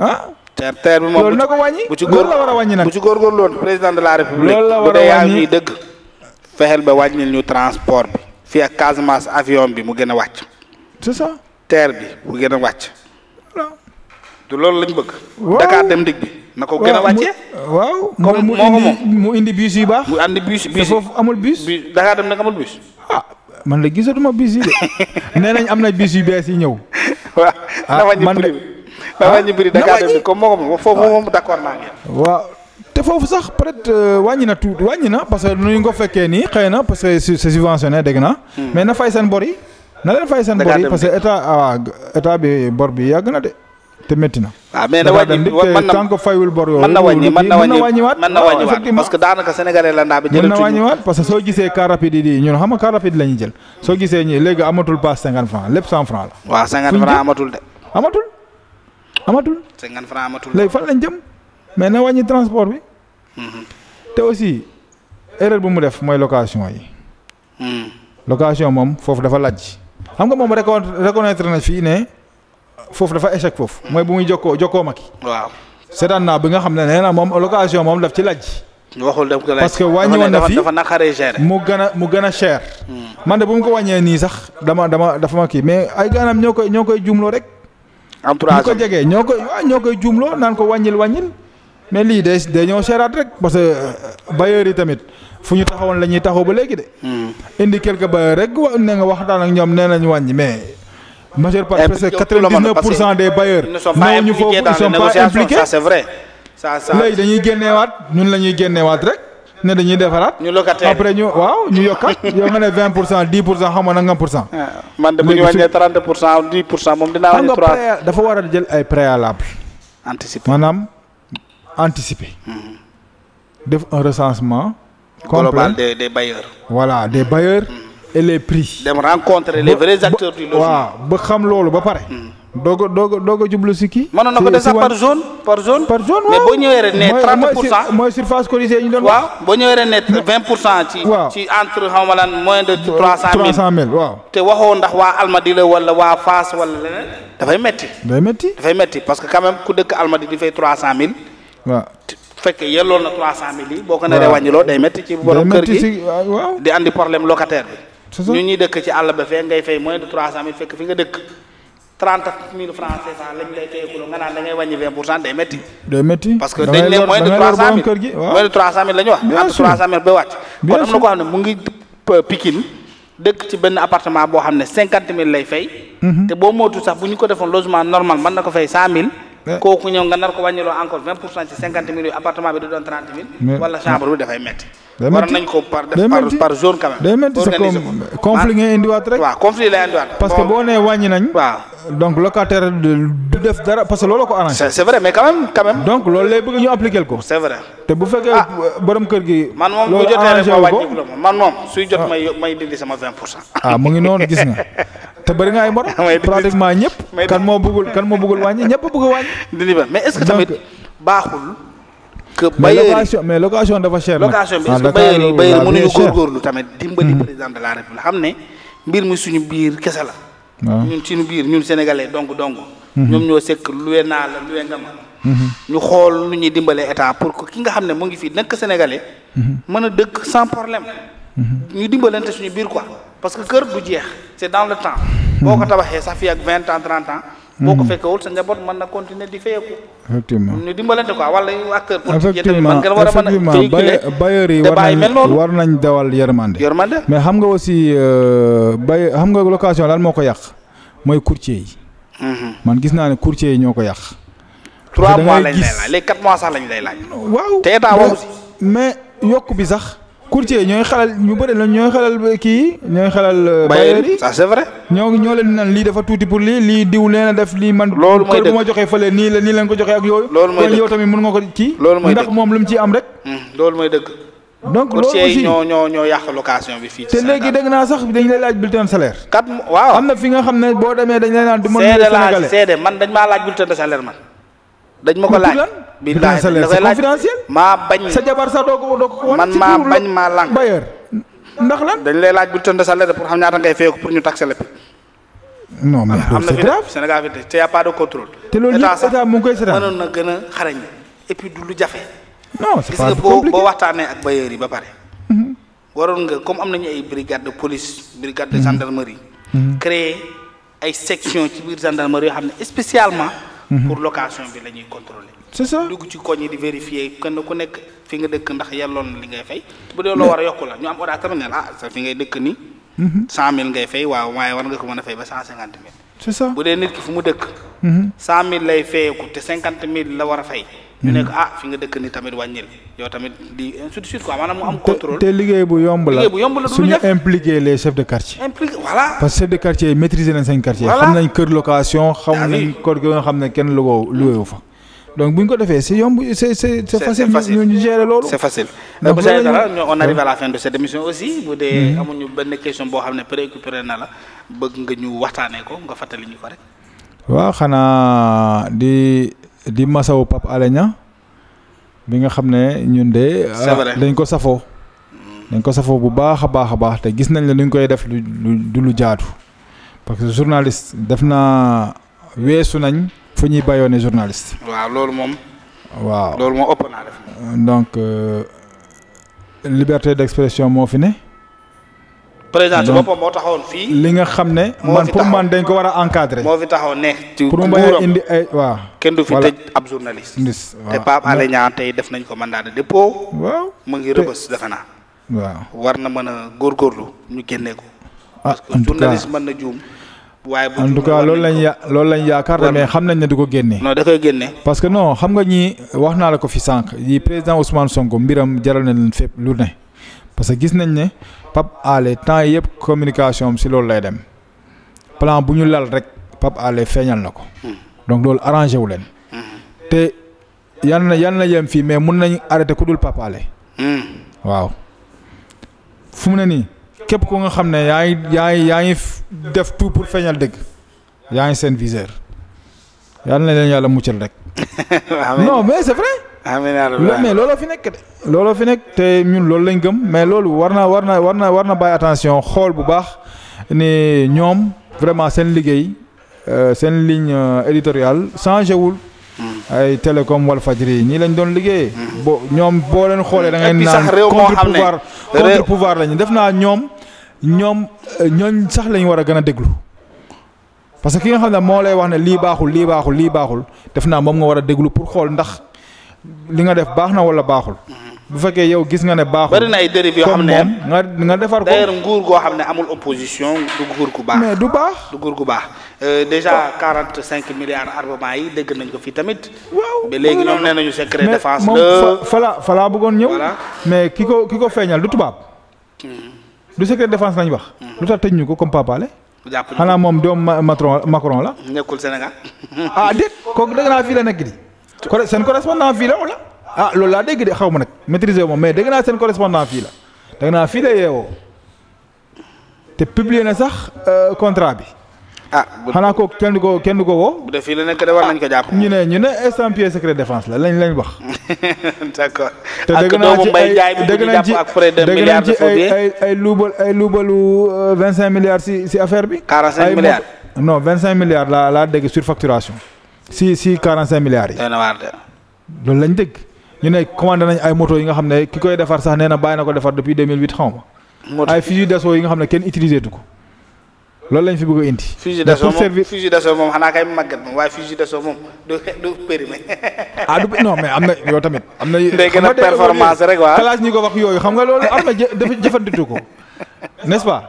ah. teer teer bi moom loolu na ko wàññi bu ci góor la war a wàññi nag bu ci góor woon président de la république. loolu la war fexeel ba wàññil ñu transport bi. fii ak bi mu gën a wàcc. c'est ça. teer bi mu gën a wàcc. loolu lañ bëgg. waaw Dakar dem digg bi. na ko gën a wàccee. waaw moo ko mu indi bus yu baax. mu andi bus bus foofu amul bus. bus Dakar dem nag amul bus. ah man la gisatuma bus yi de nee nañ am na bus yu bees yi ñëw. waaw ah, man ah wàññi mbiri Dakar dem bi comme moo te foofu sax peut euh, wàññi na tuuti wàññi na parce que nu nga ko fekkee nii xëy na parce que c'est subventionné dégg naa. Hmm. mais na fay seen bor yi. na leen fay seen bor yi parce que état ah, waaw état bi bor bi yàgg na de. te métti na. waaw ah, mais na wàññi mën fayul bor yooyu. mën na wàññi mën ah, parce que daanaka sénégalais la ndaa bi jëlatuñu. mën na wàññiwaat parce que soo gisee car yi di ñun xam nga car jël. soo gisee ñi léegi amatul paas 50 francs lépp 100 francs amatul. cinquante franc amatul léegi fan lañ jëm mais na wàññi transport bi. Mhm. te aussi erreur bu mu def mooy location yi. Mhm. location moom foofu dafa lajj xam nga moom récon reconnaître na fii ne foofu dafa échec foofu. mooy bu muy jokkoo jokkoo Macky. waaw seetaan naa bi nga xam ne nee na moom location moom daf ci laaj. waxul daf ko laaj parce que wàññiwoon na fi dafa naqaree cher. mu gën mu gën a cher. Mhm. man de bu mu ko wàññee nii sax dama dama dafa ma kii mais ay gaanam ñoo koy ñoo koy jumloo rek. entourage ko jegee ñoo koy waaw ñoo koy juumloo naan ko wàññil wàññil mais lii day day ñoo seeraat rek parce que euh, bailleurs yi tamit fu ñu taxawoon la ñuy taxaw ba léegi de. Hmm. indi quelques bailleurs rek wa ne nga waxtaan ak ñoom nee nañ wàññi mais. majeure partie eh, parce que quatre-vingt-dix-neuf pour cent des bailleurs. ñooñu foofu ils sont pas impliqués léegi dañuy génneewaat ñun la ñuy génneewaat rek. ne dañuy defaraat. ñu après ñu waaw ñu yokkaat yow nga ne vingt pour cent 10 pour cent xam nga nangam pour cent. Ah, man de bu ñu wàññee 30 pour cent 10 pour cent moom dinaa wàññi 3 xam nga dafa war a jël ay préalable. anticiper maanaam anticiper. Hmm. def un recensement. global des des bailleurs. voilà des bailleurs. Hmm. et les prix. dem rencontrer les vrais acteurs du logement. waaw ba xam loolu ba pare. Hmm. doog a doog a doog a jublu si kii. mënoon na ko dèjà par zone. par zone par zone mais boo ñëwee ren ne 30 pour cent mooy surface corrigée ñu doon. waaw boo ñëwee ren ne 20 pour cent. ci ci entre xaw ma lan moins de. 300000 300000 waaw. te waxoo ndax waa Almadi la wala waa Fass wala leneen. dafay metti dafay metti parce que quand ku dëkk Almadi di fay 300000. waaw. bu fekkee yelloon na 300000 yi. boo ko naree wàññi loo day metti ci borom kër gi di andi problème locataire bi. ñu ñuy dëkk ci àll ngay fay moins de 300000 fekk fi nga dëkk trente mille francs CFA lañ lay téye nga naan da ngay wàññi vingt pour cent day métti. day métti parce que dañ ne moins de trois cent mille kër wax. bien trois cent mille ba wàcc. kon am na koo xam ne mu ngi euh, Pikine dëkk ci benn appartement boo xam ne cinquante mille lay fay. Mhm. te boo mootu sax bu ñu ko defoon logement normal mën na ko fay cent mille. Eh. kooku ñëw nga nar ko wàññiloo encore vingt pour cent cinquante mille yu appartement bi da waroon par def par par zone quand même. day métti c'est comme conflit ngay ah. indiwaat rek. waaw boo nee wàññi nañ. donc locataire du def dara parce que loolu ko arrangé. c'est ko. te bu fekkee ah. borom kër gi. man moom bu ko man moom suy jot ah. may dindi sama 20 pour cent. ah mu ngi noonu gis nga. te bëri nga ay mor pratiquement ñëpp. kan moo bëggul kan moo bëggul wàññi ñëpp bëgg wàññi. dindi ba mais est-ce baaxul. que bailleurs yi mais location dafa cher location bi ah, est que bailleurs yi bailleurs yi mënuñu tamit dimbali hmm. président de la république xam ne mbir mi suñu biir kese la ah. ñun suñu biir ñun sénégalais donc donc hmm. ñoom ñoo sekk luwe naa la luwe nga ma hmm. ñu xool nu ñuy dimbalee état pour que ki nga xam ne mu ngi fii nekk sénégalais mën a dëkk sans problème ñu dimbalante suñu biir quoi parce que kër du jeex c'est dans le temps boo ko tabaxee sax fii ak vingt ans trente ans boo ko hmm. fekkewul sa njaboot mën na continuer di fayeeku. effectivement ñu dimbalante quoi wala acteur politique yi tamit mën ngeen war a mën a véhiculer bailleurs yi war nañ dawal yërmande. mais xam nga aussi euh, bay xam nga location lan moo ko yàq mooy courtier yi. Mhm. man gis naa ne courtier yi ñoo ko yàq. trois mois lañ lay laaj léegi quatre mois sax lañ waaw mais yokk bi sax. courtier ñooy xelal ñu bëri la ñooy xelal kii ñooy xelal. Euh, bailleur yi ça c'est vrai. ñoo ñoo leen naan lii dafa tuuti pour lii lii diw leen a def lii man. kër bu ma joxee fële nii la nii leen ko joxee ak yooyu. loolu mooy dëgg yow ko ci. loolu mooy dëgg ndax moom lu mu ciy am rek. Mm, mooy dëgg. donc loolu aussi ñoo fii. te léegi dégg naa sax dañ lay laaj bulletin de salaire. kat waaw am na fi nga xam ne boo demee dañ lay naan du mën. séedee laaj séedee man dañ maa laaj bulletin de salaire man dañ ma ko laaj billaay c'est sa jabar sa doo ko doo ko man maa bañ maa lànk bailleur ndax dañ lay laaj bulletin de salaire pour xam ñaata ngay fayeeku pour ñu la non mais na fi Sénégal fi te y a pas de te loolu yëpp état mu ngi koy seetaan a xarañ et lu jafe. non c'est waxtaanee ak bailleurs yi ba pare. Mhm. waroon nga comme am nañu ay brigade de police brigade de mhm. gendarmerie. Mhm. créer ay section ci biir gendarmerie yoo xam ne spécialement. pour location bi la ñuy contrôler. c'est ça dugg ci koñ yi di vérifier kenn ku nekk fi nga dëkk ndax yelloon na li ngay fay. bu dee loo war a yokk la ñu am oda tamit ne la ah sa fi ngay dëkk nii. Mm-hmm. cent mille ngay fay waaw waaye war nga ko mën a fay ba cent cinquante mille. c'est ça bu dee nit ki fu mu dëkk. Mm-hmm. cent mille lay fayeeku te cinquante mille la war a fay. ñu nekk mm-hmm. ah fi nga dëkk ni tamit wàññil yow tamit di ainsi de suite quoi maanaam mu am contrôle. te liggéey bu yomb la liggéey bu yomb la suñu impliqué les chefs de quartier. impliqué voilà. parce que chefs de quartier maîtriser nañ seen quartier. voilà xam nañ kër location. xam nañ kër gi nga xam ne kenn lu ko luweewu fa. donc buñ ko defee si yomb c'est c'est facile ñu ñu gérer loolu c'est facile donc bu see dara on arrive à la fin de cette émission aussi bu dee mm-hmm. amuñu benn question boo xam ne préoccupé na la bëgg nga ñu waxtaanee ko nga fàttali ñu ko rek waaw xanaa di di masawu Pape Alé bi nga xam ne ñun de ah, dañ ko safoo mm. dañ ko safoo bu baax a baax a baax te gis nañ la nuñ koy def lu lu jaatu parce que journaliste def naa weesu nañ fu ñuy bayoon journaliste. waaw loolu moom. waaw loolu moo ëpp naa def. donc euh, liberté d'expression moo fi ne. président ci boppam moo taxawoon fii. li nga xam ne. man pour man dañ ko war a encadrer. moo fi taxaw ne. indi ay kenn du fi ab journaliste. te Pape ñaa tey def nañ ko mandat de dépôt. waaw mu ngi rëbës defe naa. waaw war na mën a góorlu ñu génnee ko. ah en tout parce que journaliste mën na juum. waaye en tout cas loolu lañ ya loolu lañ yaakaar de mais xam nañ ne du ko génne. non da génne. parce que non xam nga ñi wax naa la ko fi sànq yi président Ousmane Sonko mbiram jaral na leen fépp lu ne parce que gis nañ ne Pape Alé temps yëpp communication am si loolu lay dem plan bu ñu lal rek Pape Alé feeñal na ko. donc loolu arrangé wu leen. te yal na yal na yem fii mais mun nañ arrêté ku dul Pape hmm. waaw fu mu ne nii. képp ku nga xam ne yaa ngi yaa ngi yaa def tout pour feeñal dëgg yaa ngi seen viseur yal na leen yàlla muccal rek. non mais c'est vrai. looloo fi nekk looloo fi nekk te ñun loolu lañ gëm mais loolu war na war na war na war na bàyyi attention xool bu baax ni ñoom vraiment seen liggéey euh, seen ligne euh, éditoriale changé wul. Hmm. ay télécom wal fajri ñii lañ doon liggéeyee. Hmm. bo ñoom boo leen xoolee da ngay naan contre pouvoir lañu def naa ñoom. ñoom euh, ñooñ sax lañ war a gën a déglu parce que ki nga xam ne moo lay wax ne lii baaxul lii baaxul lii baaxul def naa moom nga war a déglu pour xool ndax li nga def baax na wala baaxul. bu fekkee yow gis nga ne baaxul. bari na ay dérive yoo xam ne nga nga defar ko. d'ailleurs nguur goo xam ne amul opposition du nguur gu baax. du baax du nguur gu baax. Euh, déjà quarante cinq milliards armement yi dégg nañ ko fii tamit. waaw mais léegi nee nañu secret défense. la mais moom fa fa laa bëggoon ñëw. mais ki ko ki ko feeñal du tubaab. Hmm. du secret défense lañ wax. Mhm. lu tax tëj ñu ko comme Pape Alé. xanaa moom doom Macron Macron la. nekkul Sénégal. ah déet kooku dégg naa fii la nekk di. seen correspondant fii la wala. ah loolu laa dégg de xaw ma nag maîtriser wu ma mais dégg naa seen correspondant fii la dégg naa fii la yeewoo te publier na sax euh, contrat bi. ah xanaa kooku kenn du ko kenn ko woo. fii la nekk de war nañ ko jàpp. ñu ne ñu ne estampillé secret défense la lañ lañ wax. d'accord te dëgg naa ci ay dëgg nañ ci dëgg nañ ci ay ay ay luubal ay luubalu euh, vingt cinq milliards si affaire bi. quarante cinq non vingt cinq milliards laa laa dégg surfacturation si si quarante cinq milliards yi. loolu lañ dégg ñu ne commandé nañ ay moto yi nga xam ne ki koy defar sax nee bàyyi na ko defar depuis deux ay fusil d'assaut yi nga xam ne kenn utilisé du ko. loolu lañ fi bëgg a indi. fusil d'assaut moom fusil d'assaut moom xanaa kay màggat moom waaye fusil d'assaut moom du du ah du non mais am na yow tamit. am na day gën a performance rek waaw classe ñi ko wax yooyu xam nga loolu am na jë dafa ko. n'est-ce pas.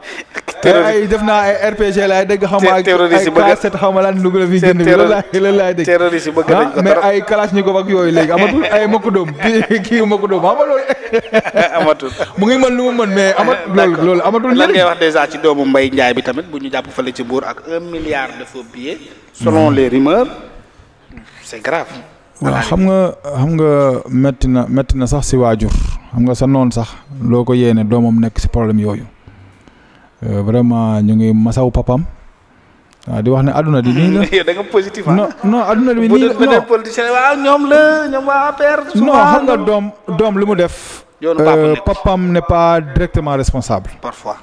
ay def naa ay RPG laay dégg xam ay K7 xaw ma lan dugg la fii génn bi loolu laay loolu laay dégg terroriste bëgg nañ ko mais ay kalachnikov ak yooyu léegi amatul ay makudóom kii kii makudóom xam nga loolu amatul mu ngi mën lu mu mën mais amat loolu loolu amatul lan wax dèjà ci doomu Mbaye Ndiaye bi tamit bu ñu jàpp fële ci Mbour ak un milliard de faux billets selon les rumeurs c'est grave waaw xam nga xam nga métti na métti na sax si waajur xam nga sa noon sax loo ko yéene doomam nekk si problème yooyu euh, vraiment ñu ngi masaw papam waaw di wax ne àdduna di nii la da nga positif adduna ah. bi nii non ñoom xam nga doom doom li mu def euh, papam ne pas directement responsable parfois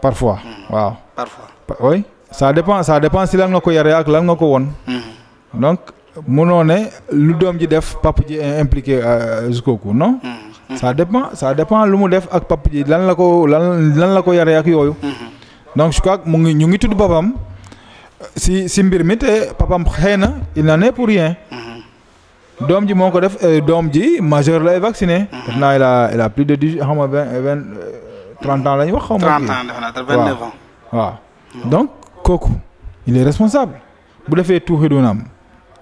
parfois hmm. waaw parfois oui ça dépend ça dépend si lan nga ko yaree ak lan nga ko won hmm. donc mënoo ne lu doom ji def pap ji impliqué jusqu'au euh, cou non. Mm-hmm. ça dépend ça dépend lu mu def ak papa ji lan la ko lan lan la ko yaree ak yooyu. Mm-hmm. donc je crois mu ngi ñu ngi tudd papam si si mbir mi te papam xëy na il n'en pour rien. Mm-hmm. doom ji moo ko def euh, doom ji majeur lay vacciné. def naa il a il plus de dix xam a vingt euh, vingt trente ans la ñu wax. xaw ma kii trente ans donc kooku il est responsable bu defee tuuxi du naam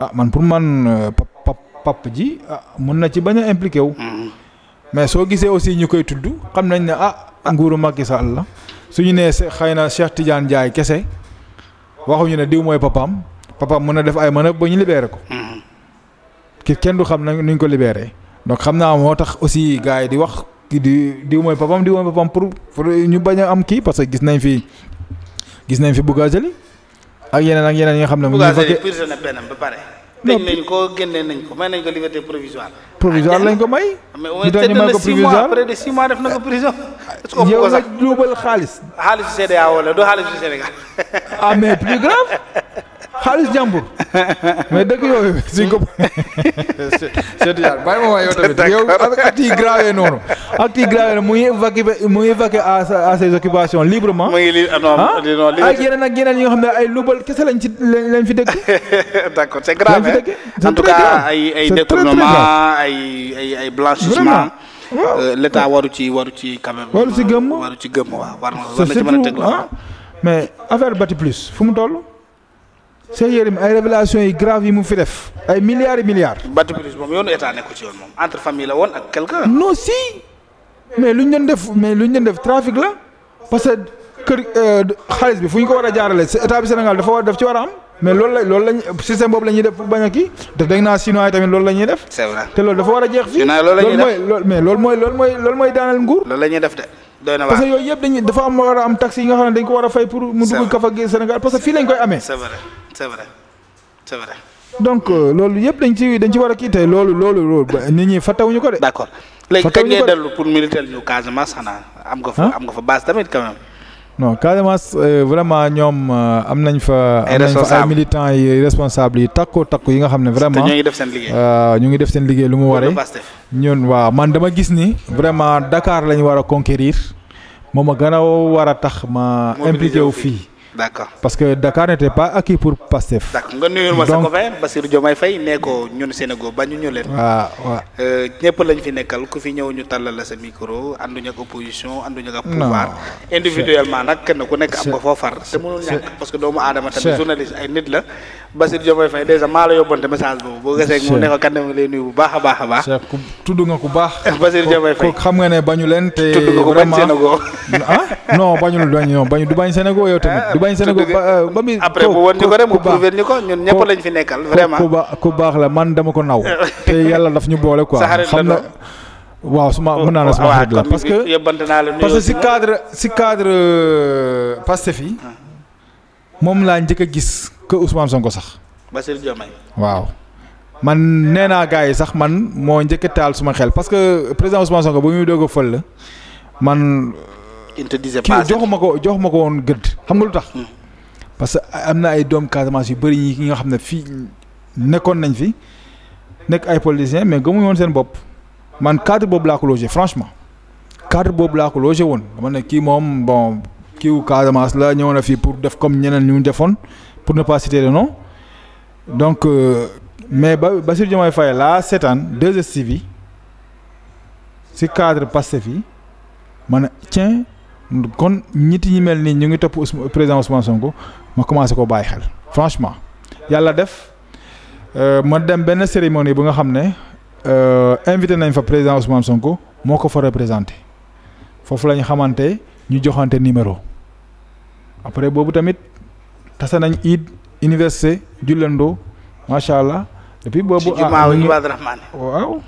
ah man pour man euh, pap pap pap ji ah mun na ci bañ a impliqué wu. Hmm. mais soo gisee aussi ñu koy tudd xam nañ ne ah nguuru Macky Sall la suñu nee xëy na Cheikh Tidiane jaay kese waxuñu ne diw mooy papaam papaam mun na def ay manœuvre ba ñu libeere ko. Hmm. ki kenn du xam na nuñ ko libéré. donc xam naa moo tax aussi gars yi di wax ki di diw mooy papam diw mooy papam pour pour ñu bañ a am kii parce que gis nañ fi gis nañ fi Bougazelli ak yeneen ak yeneen yi xam ne. mu ngi bëgg prisonnier benn ba pare. tëj nañ ko génne nañ ko may nañ ko liberté provisoire. provisoire ah, lañ ko may. ñu doon ñu may ko provisoire après de six mois def na ko prison. est-ce nga jubal xaalis. xaalis CEDEAO Sénégal. ah plus grave. xaalis jàmbur mais dëkk yooyu suñ ko. Cheikh Tidiane bàyyi ma waa yow tamit yow actes yi grave noonu actes yi grave mu ngi évacué mu ngi évacué à ses occupations librement. mu ngi li ah ah? non li nga xam ne ay lubal kese lañ ci lañ fi dëkk. d'accord c'est grave en tout cas ay ay détournement ay ay ay blanchissement. waaw euh, l'État waru ci waru ci quand même. waru ci gëmm waru ci gëmm waaw war na war na ci mën a teg ah, mais affaire bati plus fu mu toll. Cheikh Yérim ay révélation yi grave yi mu fi def ay milliards et milliards. Bati Bruce moom yoonu état nekku ci yoon moom entre famille la woon ak quelqu'un. non si mais lu ñu doon def mais lu ñu doon def trafic la parce que kër euh, xaalis bi fu ñu ko war a jaarale état bi Sénégal dafa war daf ci war a am. mais loolu la loolu lañ système def pour bañ a kii def naa chinois tamit loolu la def. te loolu dafa war a jeex fii. chinois loolu def mais loolu mooy loolu mooy loolu de. doy na parce yooyu yëpp dañuy dafa am war a am taxes yi nga xam ne dañ ko war a fay pour mu dugg kafa gi Sénégal parce fii lañ koy amee. donc euh, loolu yëpp dañ ci dañ ci war a kii tey loolu loolu loolu nit ñi fàttewuñu ko de. d'accord léegi kañ ngay dellu pour militaire yu Casamance xanaa am nga fa am nga fa base tamit quand non Casamance euh, vraiment ñoom euh, am nañ fa. ay am nañ fa ay militants yi responsables yi takkoo takku yi nga xam ne vraiment. ñu ngi def seen liggéey. Euh, ñu ngi def seen liggéey lu mu waree. ñun waaw man dama gis ni. vraiment Dakar lañ war a conquérir moom a gën a war a tax ma. impliqué wu fii. d'accord parce que Dakar n'était pas acquis pour Pastef. d'accord nga nuyul ma sa copain Bassirou Diomaye Faye nee ko ñun Sénégal bañu leen. Euh, ku fi ñëw ñu tàllal la sa micro ànduñu ak opposition ànduñu ak pouvoir. individuellement nag kenn ku nekk am nga foo far. te mënul ñàkk parce que doomu aadama tamit journaliste ay nit a baax a baax. ku tudd nga ku baax. Bassirou Diomaye Faye xam nga ne bañu leen te. tudd nga ko ah? bañu du bañ Sénégal yow tamit ah, bañ Sénégal euh, ba mi. après mu woon ñu ko de mu prouver ñu ko ñun ñëpp lañ fi nekkal vraiment. baax ku baax la man dama ko naw. te yàlla daf ñu boole quoi. xam na waaw suma mën naa la suma xarit que parce que si cadre si cadre euh, Pastef yi ah. moom laa njëkk a gis que sax. Bassirou Diomaye. waaw man nee naa gars yi sax man moo njëkk a taal suma xel parce que président Ousmane Sonko bu muy doog fël la man. il te disait pas. kii joxuma ko joxuma ko woon gëdd xam nga lu tax. Hmm. parce que am na ay doom Casamance yu bëri yi nga xam ne fii nekkoon nañ fi nekk ay politiciens mais gëmuñu woon seen bopp man cadre boob laa ko logé franchement cadre boobu laa ko woon dama ne kii moom bon kiiw Casamance laa ñëw na fii pour def comme ñeneen ñu mu defoon pour ne pas citer le nom donc euh, mais ba Bassirou Diomaye Faye laa seetaan 2STV si cadre Pastef yi ne kon ñitti ñi mel nii ñu ngi topp président Ousmane Sonko ma commencé ko bàyyi xel franchement yàlla def euh, ma dem benn cérémonie bu nga xam ne euh, invité nañ fa président Ousmane Sonko moo ko fa représenté foofu lañu xamante ñu joxante numéro après boobu tamit tase nañ iid université jullandoo macha allah depuis boobu. ah waaw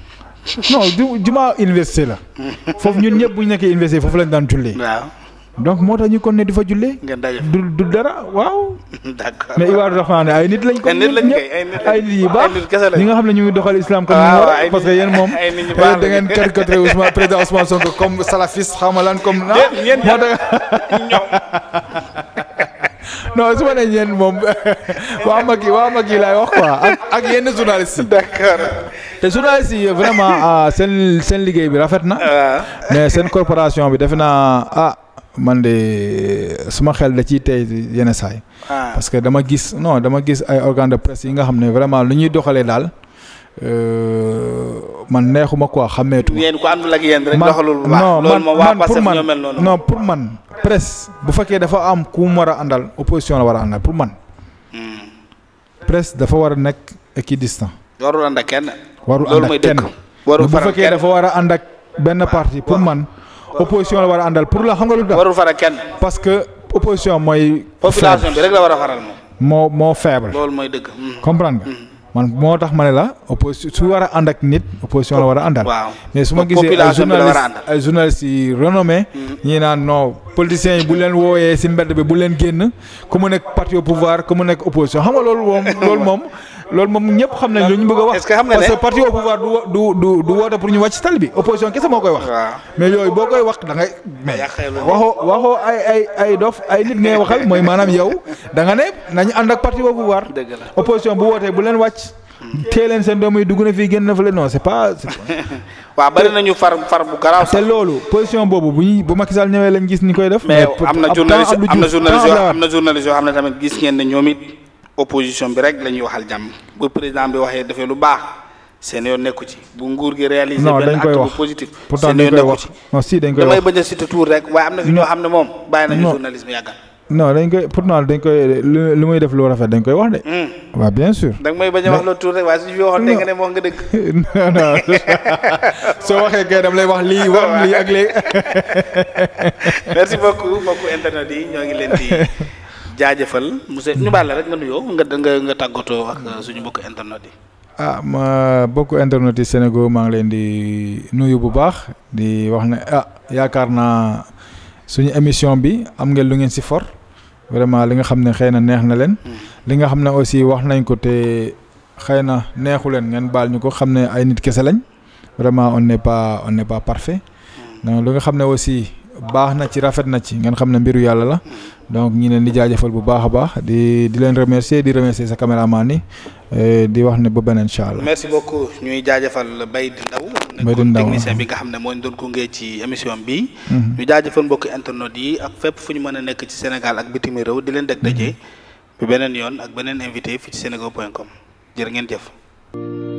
non jumaa université la. foofu ñun ñëpp bu ñu nekkee université foofu lañ daan jullee. waaw donc moo tax ñu kon ne di fa jullee. du dara waaw. d'accord mais Ibaadu Rahmaan ay nit lañ. ko nit lañ koy ay nit yu baax ñi nga xam ne ñu ngi doxal islam. comme ni ah, parce que yéen moom. ay nit ñu eh, baax da président Ousmane Sonko comme salafiste xaw comme. ñeent ah. ñeent ñoom. non su ma nee ñeen moom waa yi waa mag yi laay wax quoi ak yenn journaliste yi. te journaliste yi vraiment ah, seen seen liggéey bi rafet na. Ah. mais seen corporation bi defe naa ah. man de ma xel da ciy tey yenn saay ah. parce que dama gis non dama gis ay organes de presse yi nga xam ne vraiment lu ñuy doxalee daal. Euh, man neexuma quoi xàmmeetu ma. yéen ku àndul ak yéen rek doxalul bu baax loolu moom pour man presse bu fekkee dafa am ku mu war àndal opposition la war pour man. Hmm. presse dafa war a nekk équidistant. warul ànd ak kenn. warul kenn warul bu fekkee war a ànd ak benn parti pour man. opposition la war a àndal pour la xam nga lu tax. kenn. parce que opposition mooy. population la war a faral moom. moo loolu mooy dëkk hmm. comprendre nga. Hmm. man moo tax ma ne la opposition su war a ànd ak nit opposition la war a àndal mais su ma gisee ay journaliste ay journalistes yi renommé mm-hmm. ñi naan non politiciens yi bu leen wooyee si mbedd bi bu leen génn ku mu nekk parti au pouvoir ku mu nekk opposition xam loolu moom loolu moom loolu moom ñëpp xam nañ lu ñu bëgg a wax. parce que parti au pouvoir du du du du woote pour ñu wàcc tal bi opposition kese moo koy wax. mais yooyu boo koy wax da mais waxoo waxoo ay ay dof ay nit ngay waxal mooy maanaam yow da nga ne nañu ànd ak parti au pouvoir. opposition bu wootee bu leen wàcc. tee leen seen doom yi dugg na fii génn na fa leen non c'est bari nañu far far bu garaaw te loolu position boobu bu ñuy ñëwee lañ gis ni koy def. am na journaliste yoo xam tamit gis ngeen ñoom it opposition bi rek la ñuy waxal jàmm bu président bi waxee dafay lu baax seen yoon nekku ci bu nguur gi réaliser benn acte bu positif seen yoon nekku ci si dañ koy wax damay bañ a cité tuur rek waaye am na moom bàyyi nañu journalisme yàggal non dañ koy dañ koy lu muy def lu rafet dañ koy wax de. Hmm. waaw bien sûr. da nga a wax loolu tuur rek waaye suñu fi waxoon dégg nga ne wax nga soo waxee kay dam wax lii wax lii ak lii. merci beaucoup mbokku internet yi ñoo ngi leen di. jaajëfal monsieur ñu baal la rek nga nuyoo nga nga tàggatoo ak suñu mbokk internet yi. ah ma bokk internet yi Sénégal maa ngi leen di nuyu bu baax di wax na ah yaakaar naa suñu émission bi am ngeen lu ngeen si for vraiment li nga xam ne xëy na neex na leen. Hmm. li nga xam ne aussi wax nañ ko te xëy na neexu leen ngeen baal ñu ko xam ne ay nit kese lañ vraiment on n'est on n'est parfait. Hmm. donc li nga xam ne aussi baax na ci rafet na ci ngeen xam ne mbiru yàlla la donc ñi leen di jaajafal bu baax a baax di di leen remercier di remercier sa caméraman ni eh, di wax ne ba beneen incha allah. merci beaucoup ñuy jaajëfal Baydi Ndaw. Baydi Ndaw technicien bi nga xam ne moo ñu doon gunge ci émission bi. Mm-hmm. ñu jaajëfal mbokki internet yi ak fépp fu ñu mën a nekk ci Sénégal ak bitim réew di leen dëg daje. Mm-hmm. bi beneen yoon ak beneen invité fii ci senego point com jërë ngeen jëf.